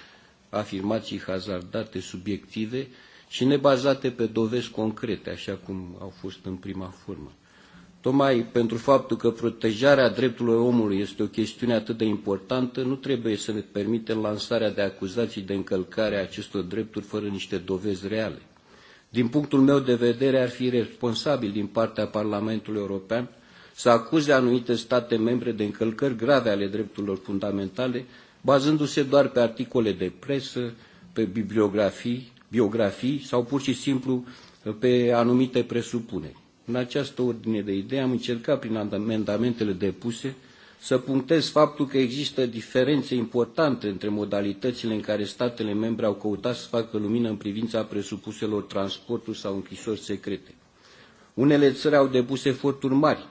afirmații hazardate, subiective, și nebazate pe dovezi concrete, așa cum au fost în prima formă. Tocmai pentru faptul că protejarea drepturilor omului este o chestiune atât de importantă, nu trebuie să ne permitem lansarea de acuzații de încălcare a acestor drepturi fără niște dovezi reale. Din punctul meu de vedere, ar fi responsabil din partea Parlamentului European să acuze anumite state membre de încălcări grave ale drepturilor fundamentale, bazându-se doar pe articole de presă, pe bibliografii biografii sau pur și simplu uh, pe anumite presupuneri. În această ordine de idei am încercat prin amendamentele depuse să punctez faptul că există diferențe importante între modalitățile în care statele membre au căutat să facă lumină în privința presupuselor transporturi sau închisori secrete. Unele țări au depus eforturi mari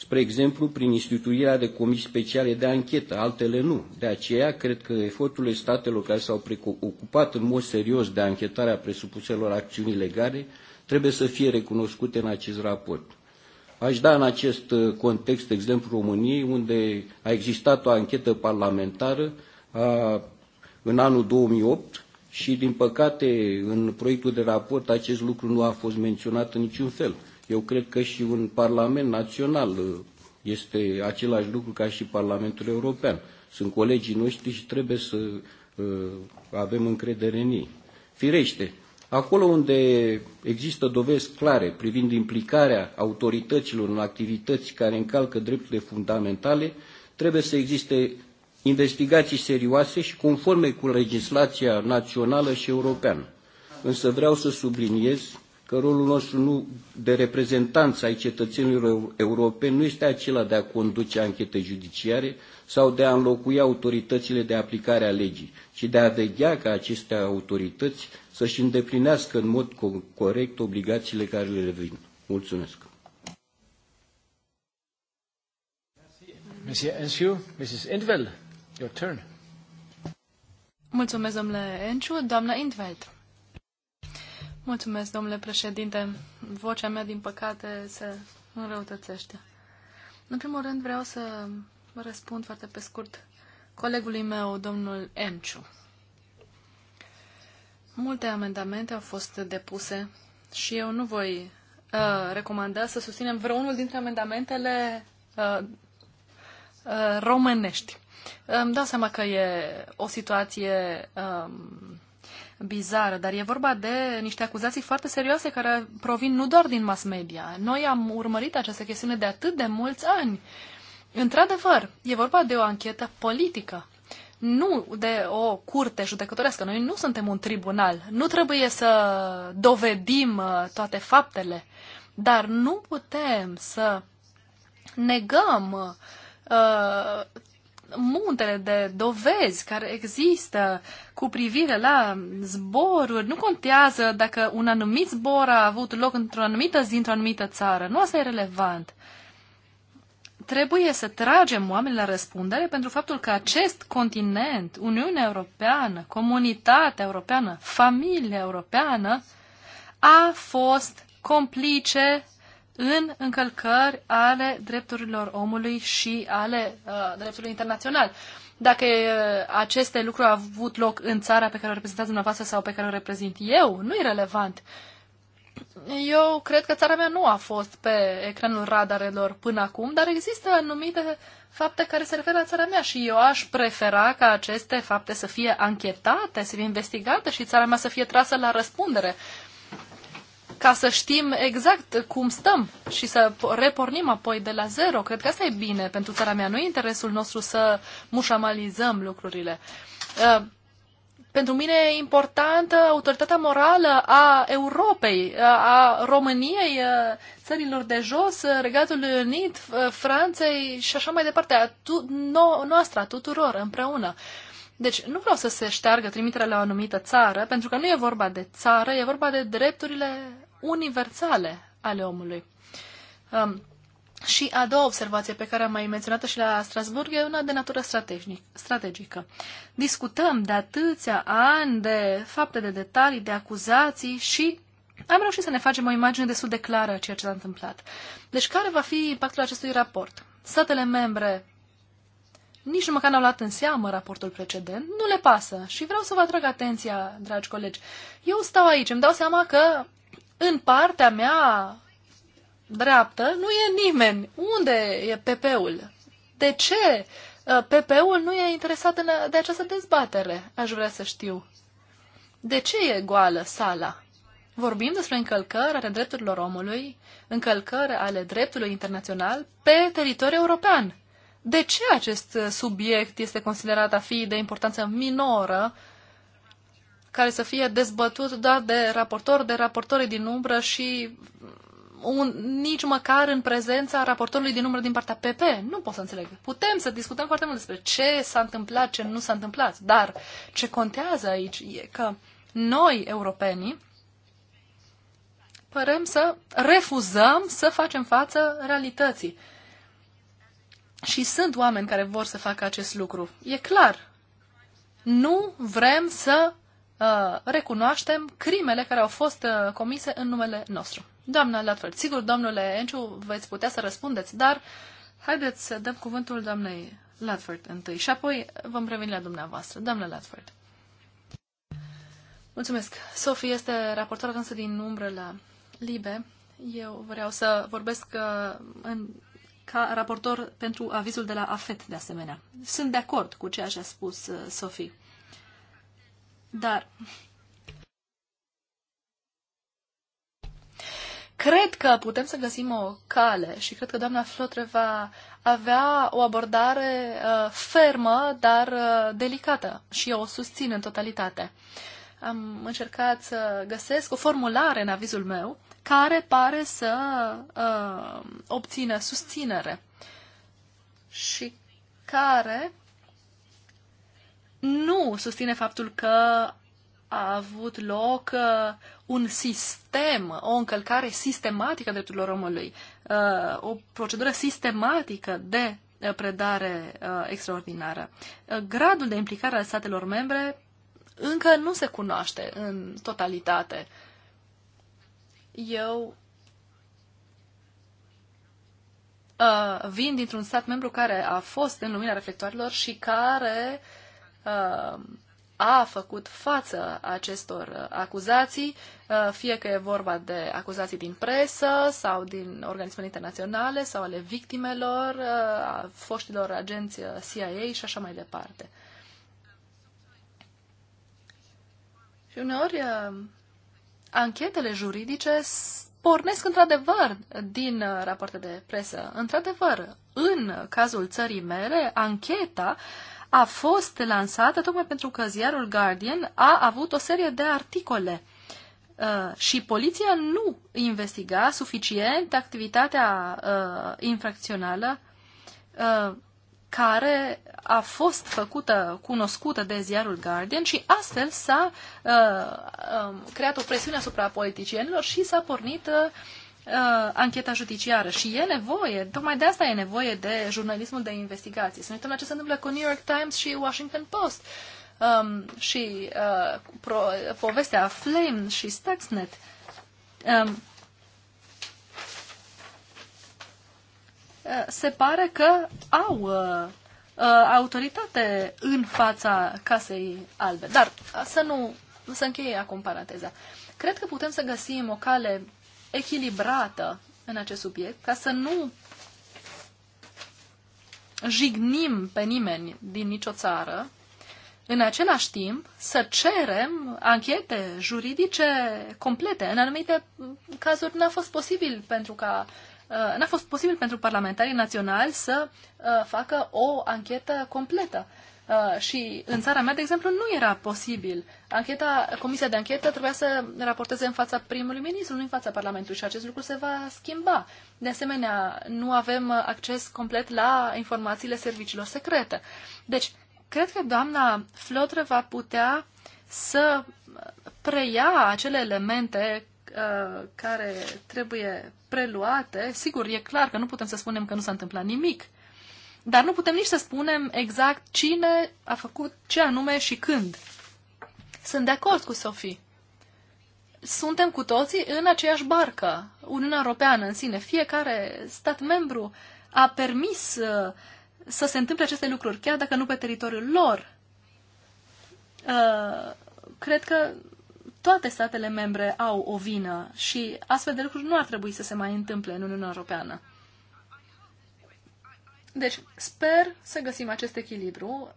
spre exemplu prin instituirea de comisii speciale de anchetă, altele nu. De aceea, cred că eforturile statelor care s-au preocupat în mod serios de anchetarea presupuselor acțiuni legale trebuie să fie recunoscute în acest raport. Aș da în acest uh, context exemplu României, unde a existat o anchetă parlamentară a, în anul 2008 și, din păcate, în proiectul de raport acest lucru nu a fost menționat în niciun fel. Eu cred că și un Parlament național uh, este același lucru ca și Parlamentul European. Sunt colegii noștri și trebuie să uh, avem încredere în ei. Firește, acolo unde există dovezi clare privind implicarea autorităților în activități care încalcă drepturile fundamentale, trebuie să existe investigații serioase și conforme cu legislația națională și europeană. Însă vreau să subliniez că rolul nostru nu, de reprezentanță ai cetățenilor europeni nu este acela de a conduce anchete judiciare sau de a înlocui autoritățile de aplicare a legii, ci de a veghea ca aceste autorități să-și îndeplinească în mod corect obligațiile care le revin. Mulțumesc. Mulțumesc, domnule Enciu. Doamna Intveld. Mulțumesc, domnule președinte. Vocea mea, din păcate, se înrăutățește. În primul rând, vreau să răspund foarte pe scurt colegului meu, domnul Enciu. Multe amendamente au fost depuse și eu nu voi uh, recomanda să susținem vreunul dintre amendamentele uh, uh, românești. Îmi dau seama că e o situație Uh, bizară, dar e vorba de niște acuzații foarte serioase care provin nu doar din mass media. Noi am urmărit această chestiune de atât de mulți ani. Într-adevăr, e vorba de o anchetă politică, nu de o curte judecătorească. Noi nu suntem un tribunal. Nu trebuie să dovedim uh, toate faptele, dar nu putem să negăm uh, muntele de dovezi care există cu privire la zboruri. Nu contează dacă un anumit zbor a avut loc într-o anumită zi, într-o anumită țară. Nu asta e relevant. Trebuie să tragem oameni la răspundere pentru faptul că acest continent, Uniunea Europeană, Comunitatea Europeană, Familia Europeană, a fost complice în încălcări ale drepturilor omului și ale uh, dreptului internațional. Dacă uh, aceste lucruri au avut loc în țara pe care o reprezentați dumneavoastră sau pe care o reprezint eu, nu e relevant. Eu cred că țara mea nu a fost pe ecranul radarelor până acum, dar există anumite fapte care se referă la țara mea și eu aș prefera ca aceste fapte să fie anchetate, să fie investigate și țara mea să fie trasă la răspundere. Uh, ca să știm exact cum stăm și să repornim apoi de la zero. Cred că asta e bine pentru țara mea. Nu e interesul nostru să mușamalizăm lucrurile. Uh, pentru mine e importantă autoritatea morală a Europei, a României, uh, țărilor de jos, uh, Regatului Unit, Franței și așa mai departe, a tu, no, noastră, a tuturor, împreună. Deci nu vreau să se șteargă trimiterea la o anumită țară, pentru că nu e vorba de țară, e vorba de drepturile universale ale omului. Um, și a doua observație pe care am mai menționat-o și la Strasburg e una de natură strategică. Discutăm de atâția ani de fapte de detalii, de acuzații și am reușit să ne facem o imagine destul de clară a ceea ce s-a întâmplat. Deci care va fi impactul acestui raport? Statele membre nici nu măcar n-au luat în seamă raportul precedent, nu le pasă. Și vreau să vă atrag atenția, dragi colegi. Eu stau aici, îmi dau seama că în partea mea dreaptă nu e nimeni. Unde e PP-ul? De ce uh, PP-ul nu e interesat de această dezbatere? Aș vrea să știu. De ce e goală sala? Vorbim despre încălcări ale drepturilor omului, încălcări ale dreptului internațional pe teritoriul european. De ce acest subiect este considerat a fi de importanță minoră care să fie dezbătut doar de raportor, de raportori din umbră și un, nici măcar în prezența raportorului din umbră din partea PP. Nu pot să înțeleg. Putem să discutăm foarte mult despre ce s-a întâmplat, ce nu s-a întâmplat, dar ce contează aici e că noi, europenii, părem să refuzăm să facem față realității. Și sunt oameni care vor să facă acest lucru. E clar. Nu vrem să Uh, recunoaștem crimele care au fost uh, comise în numele nostru. Doamna Latford, sigur, domnule Enciu, veți putea să răspundeți, dar haideți să dăm cuvântul doamnei Latford întâi și apoi vom reveni la dumneavoastră. Doamna Latford. Mulțumesc. Sophie este raportoarea însă din umbră la Libe. Eu vreau să vorbesc uh, în, ca raportor pentru avizul de la AFET, de asemenea. Sunt de acord cu ceea ce a spus Sophie. Dar cred că putem să găsim o cale și cred că doamna Flotre va avea o abordare uh, fermă, dar uh, delicată și eu o susțin în totalitate. Am încercat să găsesc o formulare în avizul meu care pare să uh, obțină susținere și care nu susține faptul că a avut loc uh, un sistem, o încălcare sistematică a drepturilor omului, uh, o procedură sistematică de uh, predare extraordinară. gradul de implicare al statelor membre încă nu se cunoaște în totalitate. Eu vin dintr-un stat membru care a fost în lumina reflectoarelor și care uh, Uh, a făcut față acestor uh, acuzații, uh, fie că e vorba de acuzații din presă sau din organisme internaționale sau ale victimelor, a foștilor agenți CIA și așa mai departe. Și uneori, anchetele juridice pornesc într-adevăr din rapoarte de presă. Într-adevăr, în cazul țării mele, ancheta uh, a fost lansată tocmai pentru că ziarul Guardian a avut o serie de articole Uh, și poliția nu investiga suficient activitatea uh, infracțională uh, care a fost făcută cunoscută de ziarul Guardian și astfel s-a uh, uh, creat o presiune asupra politicienilor și s-a pornit uh, uh, ancheta judiciară. Și e nevoie, tocmai de asta e nevoie de jurnalismul de investigație. Să ne uităm la ce se întâmplă cu New York Times și Washington Post. Um, și uh, pro, povestea Flame și Stuxnet. Um, uh, se pare că au uh, uh, autoritate în fața Casei Albe. Dar uh, să nu, să încheie acum paranteza. Cred că putem să găsim o cale echilibrată în acest subiect, ca să nu jignim pe nimeni din nicio țară, în același timp să cerem anchete juridice complete. În anumite cazuri n-a fost posibil pentru ca uh, n-a fost posibil pentru parlamentarii naționali să uh, facă o anchetă completă. Uh, și în țara mea, de exemplu, nu era posibil. Ancheta, comisia de anchetă trebuia să raporteze în fața primului ministru, nu în fața Parlamentului și acest lucru se va schimba. De asemenea, nu avem acces complet la informațiile serviciilor secrete. Deci, cred că doamna Flotre va putea să preia acele elemente uh, care trebuie preluate. Sigur, e clar că nu putem să spunem că nu s-a întâmplat nimic, dar nu putem nici să spunem exact cine a făcut ce anume și când. Sunt de acord cu Sofie. Suntem cu toții în aceeași barcă. Uniunea Europeană în sine, fiecare stat membru a permis uh, să se întâmple aceste lucruri, chiar dacă nu pe teritoriul lor. Uh, cred că toate statele membre au o vină și astfel de lucruri nu ar trebui să se mai întâmple în Uniunea Europeană. Deci, sper să găsim acest echilibru.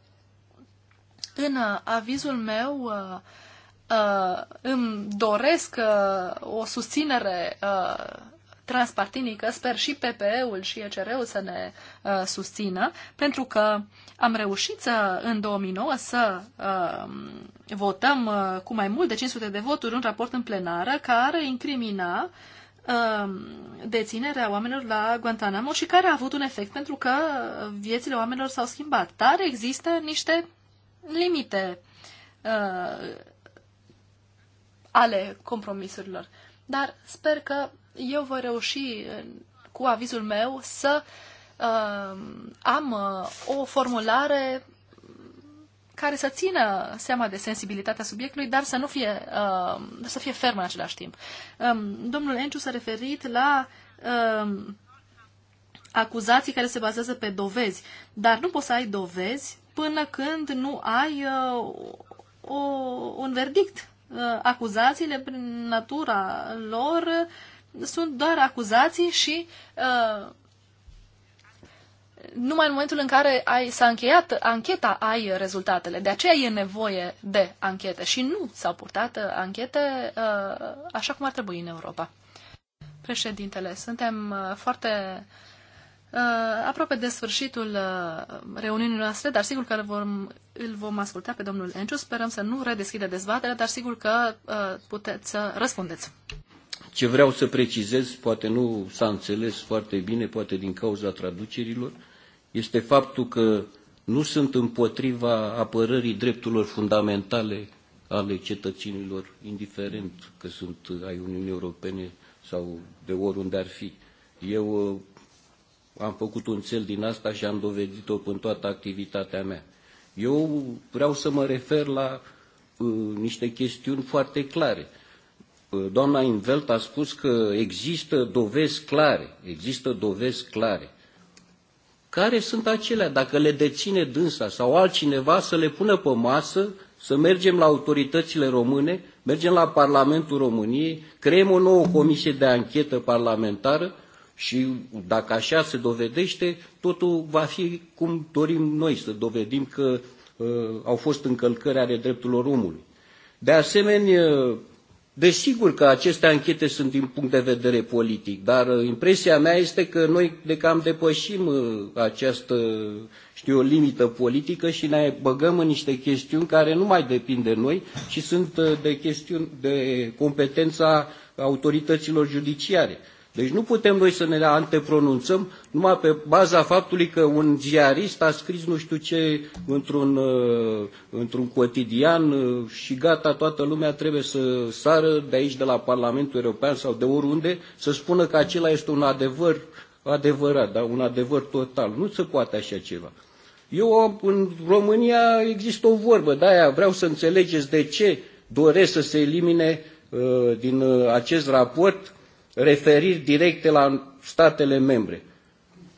În uh, avizul meu uh, uh, îmi doresc o susținere transpartinică, sper și PPE-ul și ECR-ul să ne susțină, pentru că am reușit să, în 2009 să votăm cu mai mult de 500 de voturi un raport în plenară care incrimina Um, deținerea oamenilor la Guantanamo și care a avut un efect pentru că viețile oamenilor s-au schimbat. Dar există niște limite uh, ale compromisurilor. Dar sper că eu voi reuși uh, cu avizul meu să uh, am uh, o formulare care să țină seama de sensibilitatea subiectului, dar să nu fie, uh, să fie fermă în același timp. Um, domnul Enciu s-a referit la um, acuzații care se bazează pe dovezi, dar nu poți să ai dovezi până când nu ai uh, o, un verdict. Uh, acuzațiile, prin natura lor, sunt doar acuzații și uh, numai în momentul în care ai, s-a încheiat ancheta, ai rezultatele. De aceea e nevoie de anchete și nu s-au purtat uh, anchete uh, așa cum ar trebui în Europa. Președintele, suntem uh, foarte aproape de sfârșitul reuniunii noastre, dar sigur că îl vom, îl vom asculta pe domnul Enciu. Sperăm să nu redeschide dezbaterea, dar sigur că puteți să răspundeți. Ce vreau să precizez, poate nu s-a înțeles foarte bine, poate din cauza traducerilor, este faptul că nu sunt împotriva apărării drepturilor fundamentale ale cetățenilor, indiferent că sunt ai Uniunii Europene sau de oriunde ar fi. Eu uh, am făcut un cel din asta și am dovedit-o în toată activitatea mea. Eu vreau să mă refer la uh, niște chestiuni foarte clare. Uh, doamna Invelt a spus că există dovezi clare, există dovezi clare care sunt acelea, dacă le deține dânsa sau altcineva să le pună pe masă, să mergem la autoritățile române, mergem la Parlamentul României, creăm o nouă comisie de anchetă parlamentară și dacă așa se dovedește, totul va fi cum dorim noi să dovedim că uh, au fost încălcări ale drepturilor omului. De asemenea, Desigur că aceste anchete sunt din punct de vedere politic, dar uh, impresia mea este că noi de cam depășim uh, această, știu limită politică și ne băgăm în niște chestiuni care nu mai depind de noi, ci sunt uh, de, chestiuni, de competența autorităților judiciare. Deci nu putem noi să ne antepronunțăm numai pe baza faptului că un ziarist a scris nu știu ce într-un, uh, într-un cotidian uh, și gata, toată lumea trebuie să sară de aici, de la Parlamentul European sau de oriunde, să spună că acela este un adevăr adevărat, da? un adevăr total. Nu se poate așa ceva. Eu, în România, există o vorbă, de aia vreau să înțelegeți de ce doresc să se elimine uh, din uh, acest raport referiri directe la statele membre.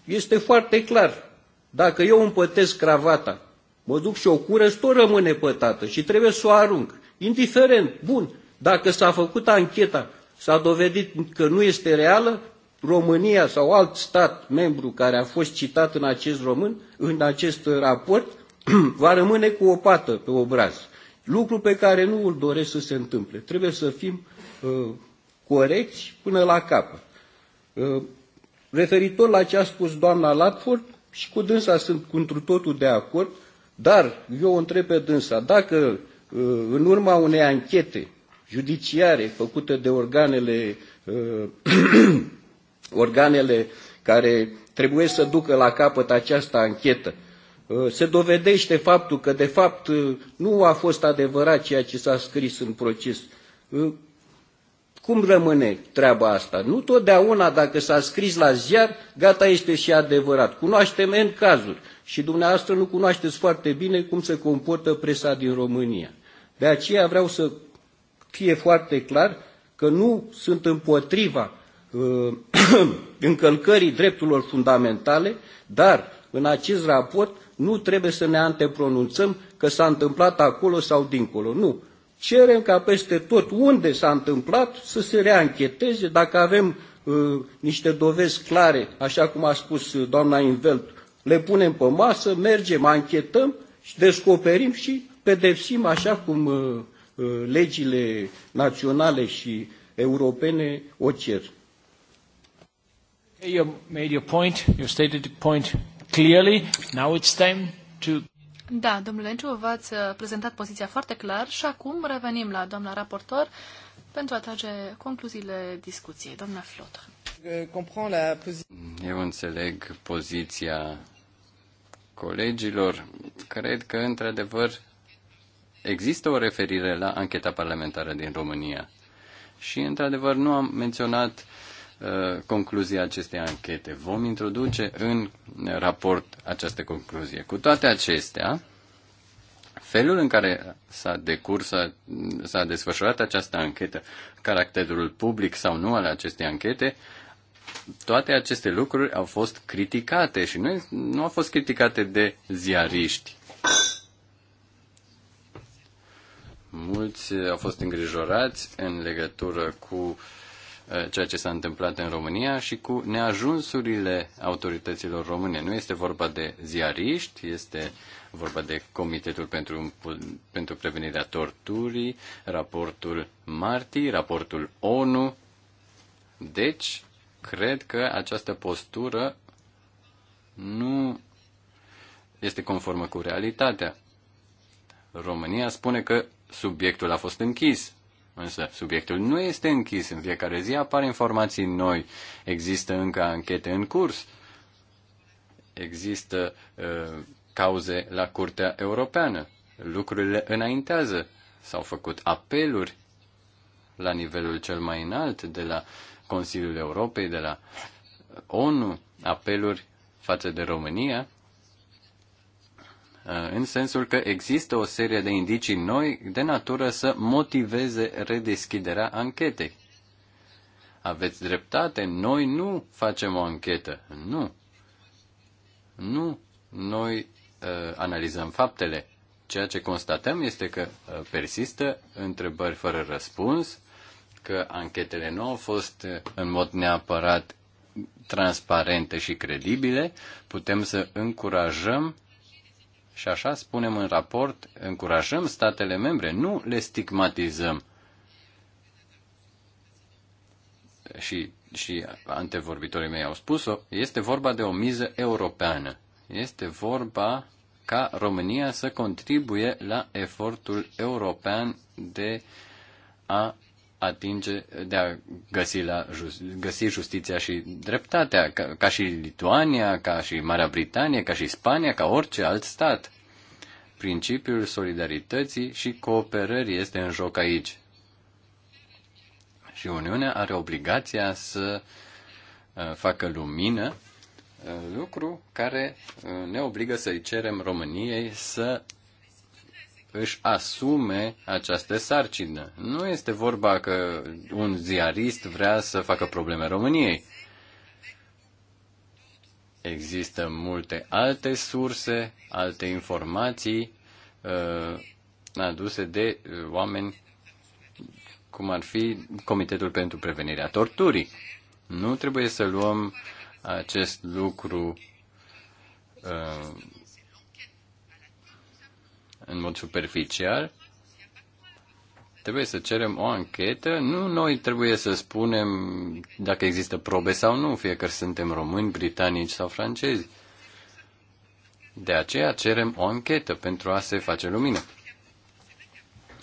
Este foarte clar. Dacă eu împătesc cravata, mă duc și o curăț, tot rămâne pătată și trebuie să o arunc. Indiferent, bun, dacă s-a făcut ancheta, s-a dovedit că nu este reală, România sau alt stat membru care a fost citat în acest, român, în acest raport [clears throat] va rămâne cu o pată pe obraz. Lucru pe care nu îl doresc să se întâmple. Trebuie să fim uh, corecți până la capăt. Uh, referitor la ce a spus doamna Latford, și cu dânsa sunt întru totul de acord, dar eu o întreb pe dânsa, dacă uh, în urma unei anchete judiciare făcute de organele, uh, [clears throat] organele care trebuie să ducă la capăt această anchetă, se dovedește faptul că, de fapt, nu a fost adevărat ceea ce s-a scris în proces. Cum rămâne treaba asta? Nu totdeauna dacă s-a scris la ziar, gata este și adevărat. Cunoaștem în cazuri și dumneavoastră nu cunoașteți foarte bine cum se comportă presa din România. De aceea vreau să fie foarte clar că nu sunt împotriva uh, [clears throat] încălcării drepturilor fundamentale, dar în acest raport nu trebuie să ne antepronunțăm că s-a întâmplat acolo sau dincolo. Nu cerem ca peste tot unde s-a întâmplat să se reancheteze, dacă avem uh, niște dovezi clare, așa cum a spus uh, doamna Invelt, le punem pe masă, mergem, anchetăm și descoperim și pedepsim așa cum uh, uh, legile naționale și europene o cer. You made your point, you stated the point clearly. Now it's time to da, domnule Enciu, v-ați uh, prezentat poziția foarte clar și acum revenim la doamna raportor pentru a trage concluziile discuției. Doamna Flotă. Eu înțeleg poziția colegilor. Cred că, într-adevăr, există o referire la ancheta parlamentară din România. Și, într-adevăr, nu am menționat uh, Uh, concluzia acestei anchete. Vom introduce în raport această concluzie. Cu toate acestea, felul în care s-a decurs, s-a desfășurat această anchetă, caracterul public sau nu al acestei anchete, toate aceste lucruri au fost criticate și nu, nu au fost criticate de ziariști. Mulți au fost îngrijorați în legătură cu uh, Uh, ceea ce s-a întâmplat în România și cu neajunsurile autorităților române. Nu este vorba de ziariști, este vorba de Comitetul pentru, pentru Prevenirea Torturii, raportul Marti, raportul ONU. Deci, cred că această postură nu este conformă cu realitatea. România spune că subiectul a fost închis. Însă subiectul nu este închis. În fiecare zi apar informații noi. Există încă anchete în curs. Există uh, cauze la Curtea Europeană. Lucrurile înaintează. S-au făcut apeluri la nivelul cel mai înalt, de la Consiliul Europei, de la ONU, apeluri față de România Uh, în sensul că există o serie de indicii noi de natură să motiveze redeschiderea anchetei. Aveți dreptate, noi nu facem o anchetă. Nu. Nu. Noi uh, analizăm faptele. Ceea ce constatăm este că uh, persistă întrebări fără răspuns, că anchetele nu au fost uh, în mod neapărat transparente și credibile. Putem să încurajăm și așa spunem în raport, încurajăm statele membre, nu le stigmatizăm. Și, și antevorbitorii mei au spus-o, este vorba de o miză europeană. Este vorba ca România să contribuie la efortul european de a atinge, de a găsi, la, găsi justiția și dreptatea, ca, ca și Lituania, ca și Marea Britanie, ca și Spania, ca orice alt stat. Principiul solidarității și cooperării este în joc aici. Și Uniunea are obligația să uh, facă lumină, uh, lucru care uh, ne obligă să-i cerem României să își asume această sarcină. Nu este vorba că un ziarist vrea să facă probleme României. Există multe alte surse, alte informații uh, aduse de uh, oameni cum ar fi Comitetul pentru Prevenirea Torturii. Nu trebuie să luăm acest lucru uh, în mod superficial, trebuie să cerem o anchetă. Nu noi trebuie să spunem dacă există probe sau nu, fie că suntem români, britanici sau francezi. De aceea cerem o anchetă pentru a se face lumină.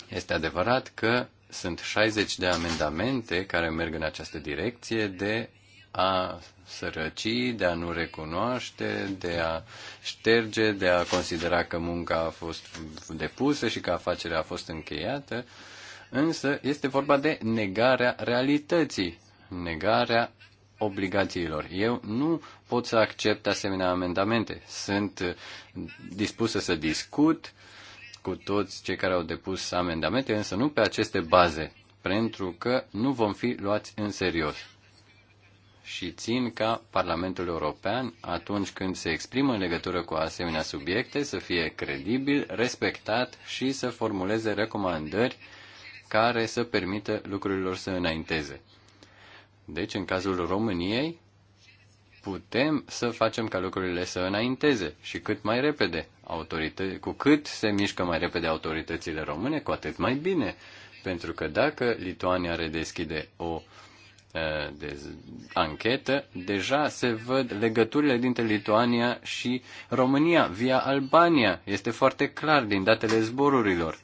Este adevărat că sunt 60 de amendamente care merg în această direcție de a sărăci, de a nu recunoaște, de a șterge, de a considera că munca a fost depusă și că afacerea a fost încheiată, însă este vorba de negarea realității, negarea obligațiilor. Eu nu pot să accept asemenea amendamente. Sunt dispusă să discut cu toți cei care au depus amendamente, însă nu pe aceste baze, pentru că nu vom fi luați în serios și țin ca Parlamentul European, atunci când se exprimă în legătură cu asemenea subiecte, să fie credibil, respectat și să formuleze recomandări care să permită lucrurilor să înainteze. Deci, în cazul României, putem să facem ca lucrurile să înainteze și cât mai repede. Autorită- cu cât se mișcă mai repede autoritățile române, cu atât mai bine. Pentru că dacă Lituania redeschide o Uh, de anchetă, deja se văd legăturile dintre Lituania și România via Albania. Este foarte clar din datele zborurilor.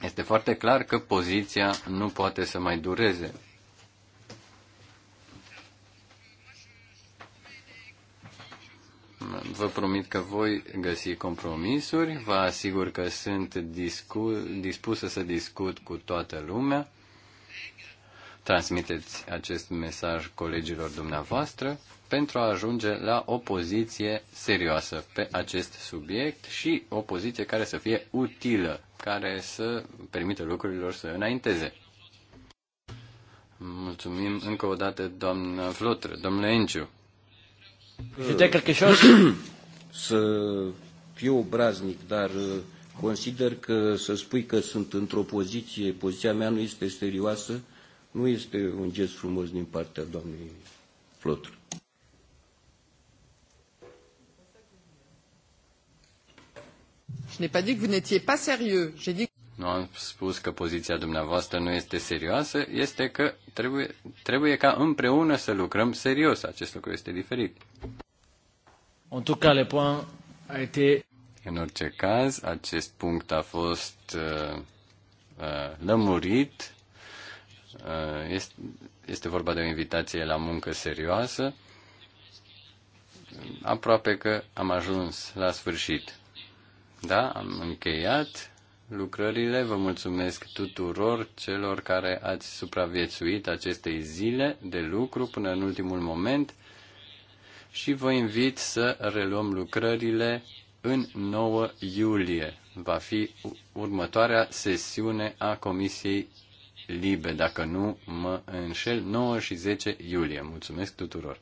Este foarte clar că poziția nu poate să mai dureze. Vă promit că voi găsi compromisuri, vă asigur că sunt discu- dispusă să discut cu toată lumea transmiteți acest mesaj colegilor dumneavoastră pentru a ajunge la o poziție serioasă pe acest subiect și o poziție care să fie utilă, care să permită lucrurilor să înainteze. Mulțumim încă o dată, doamnă Flotră, domnule Enciu. [coughs] Să fiu obraznic, dar uh, consider că să spui că sunt într-o poziție, poziția mea nu este serioasă, nu este un gest frumos din partea doamnei Flotru. nu am spus că poziția dumneavoastră nu este serioasă, este că trebuie, trebuie ca împreună să lucrăm serios. Acest lucru este diferit. En tout cas, le point a été... În orice caz, acest punct a fost uh, uh, lămurit Uh, este, vorba de o invitație la muncă serioasă. Aproape că am ajuns la sfârșit. Da, am încheiat lucrările. Vă mulțumesc tuturor celor care ați supraviețuit acestei zile de lucru până în ultimul moment și vă invit să reluăm lucrările în 9 iulie. Va fi următoarea sesiune a Comisiei libe, dacă nu mă înșel, 9 și 10 iulie. Mulțumesc tuturor!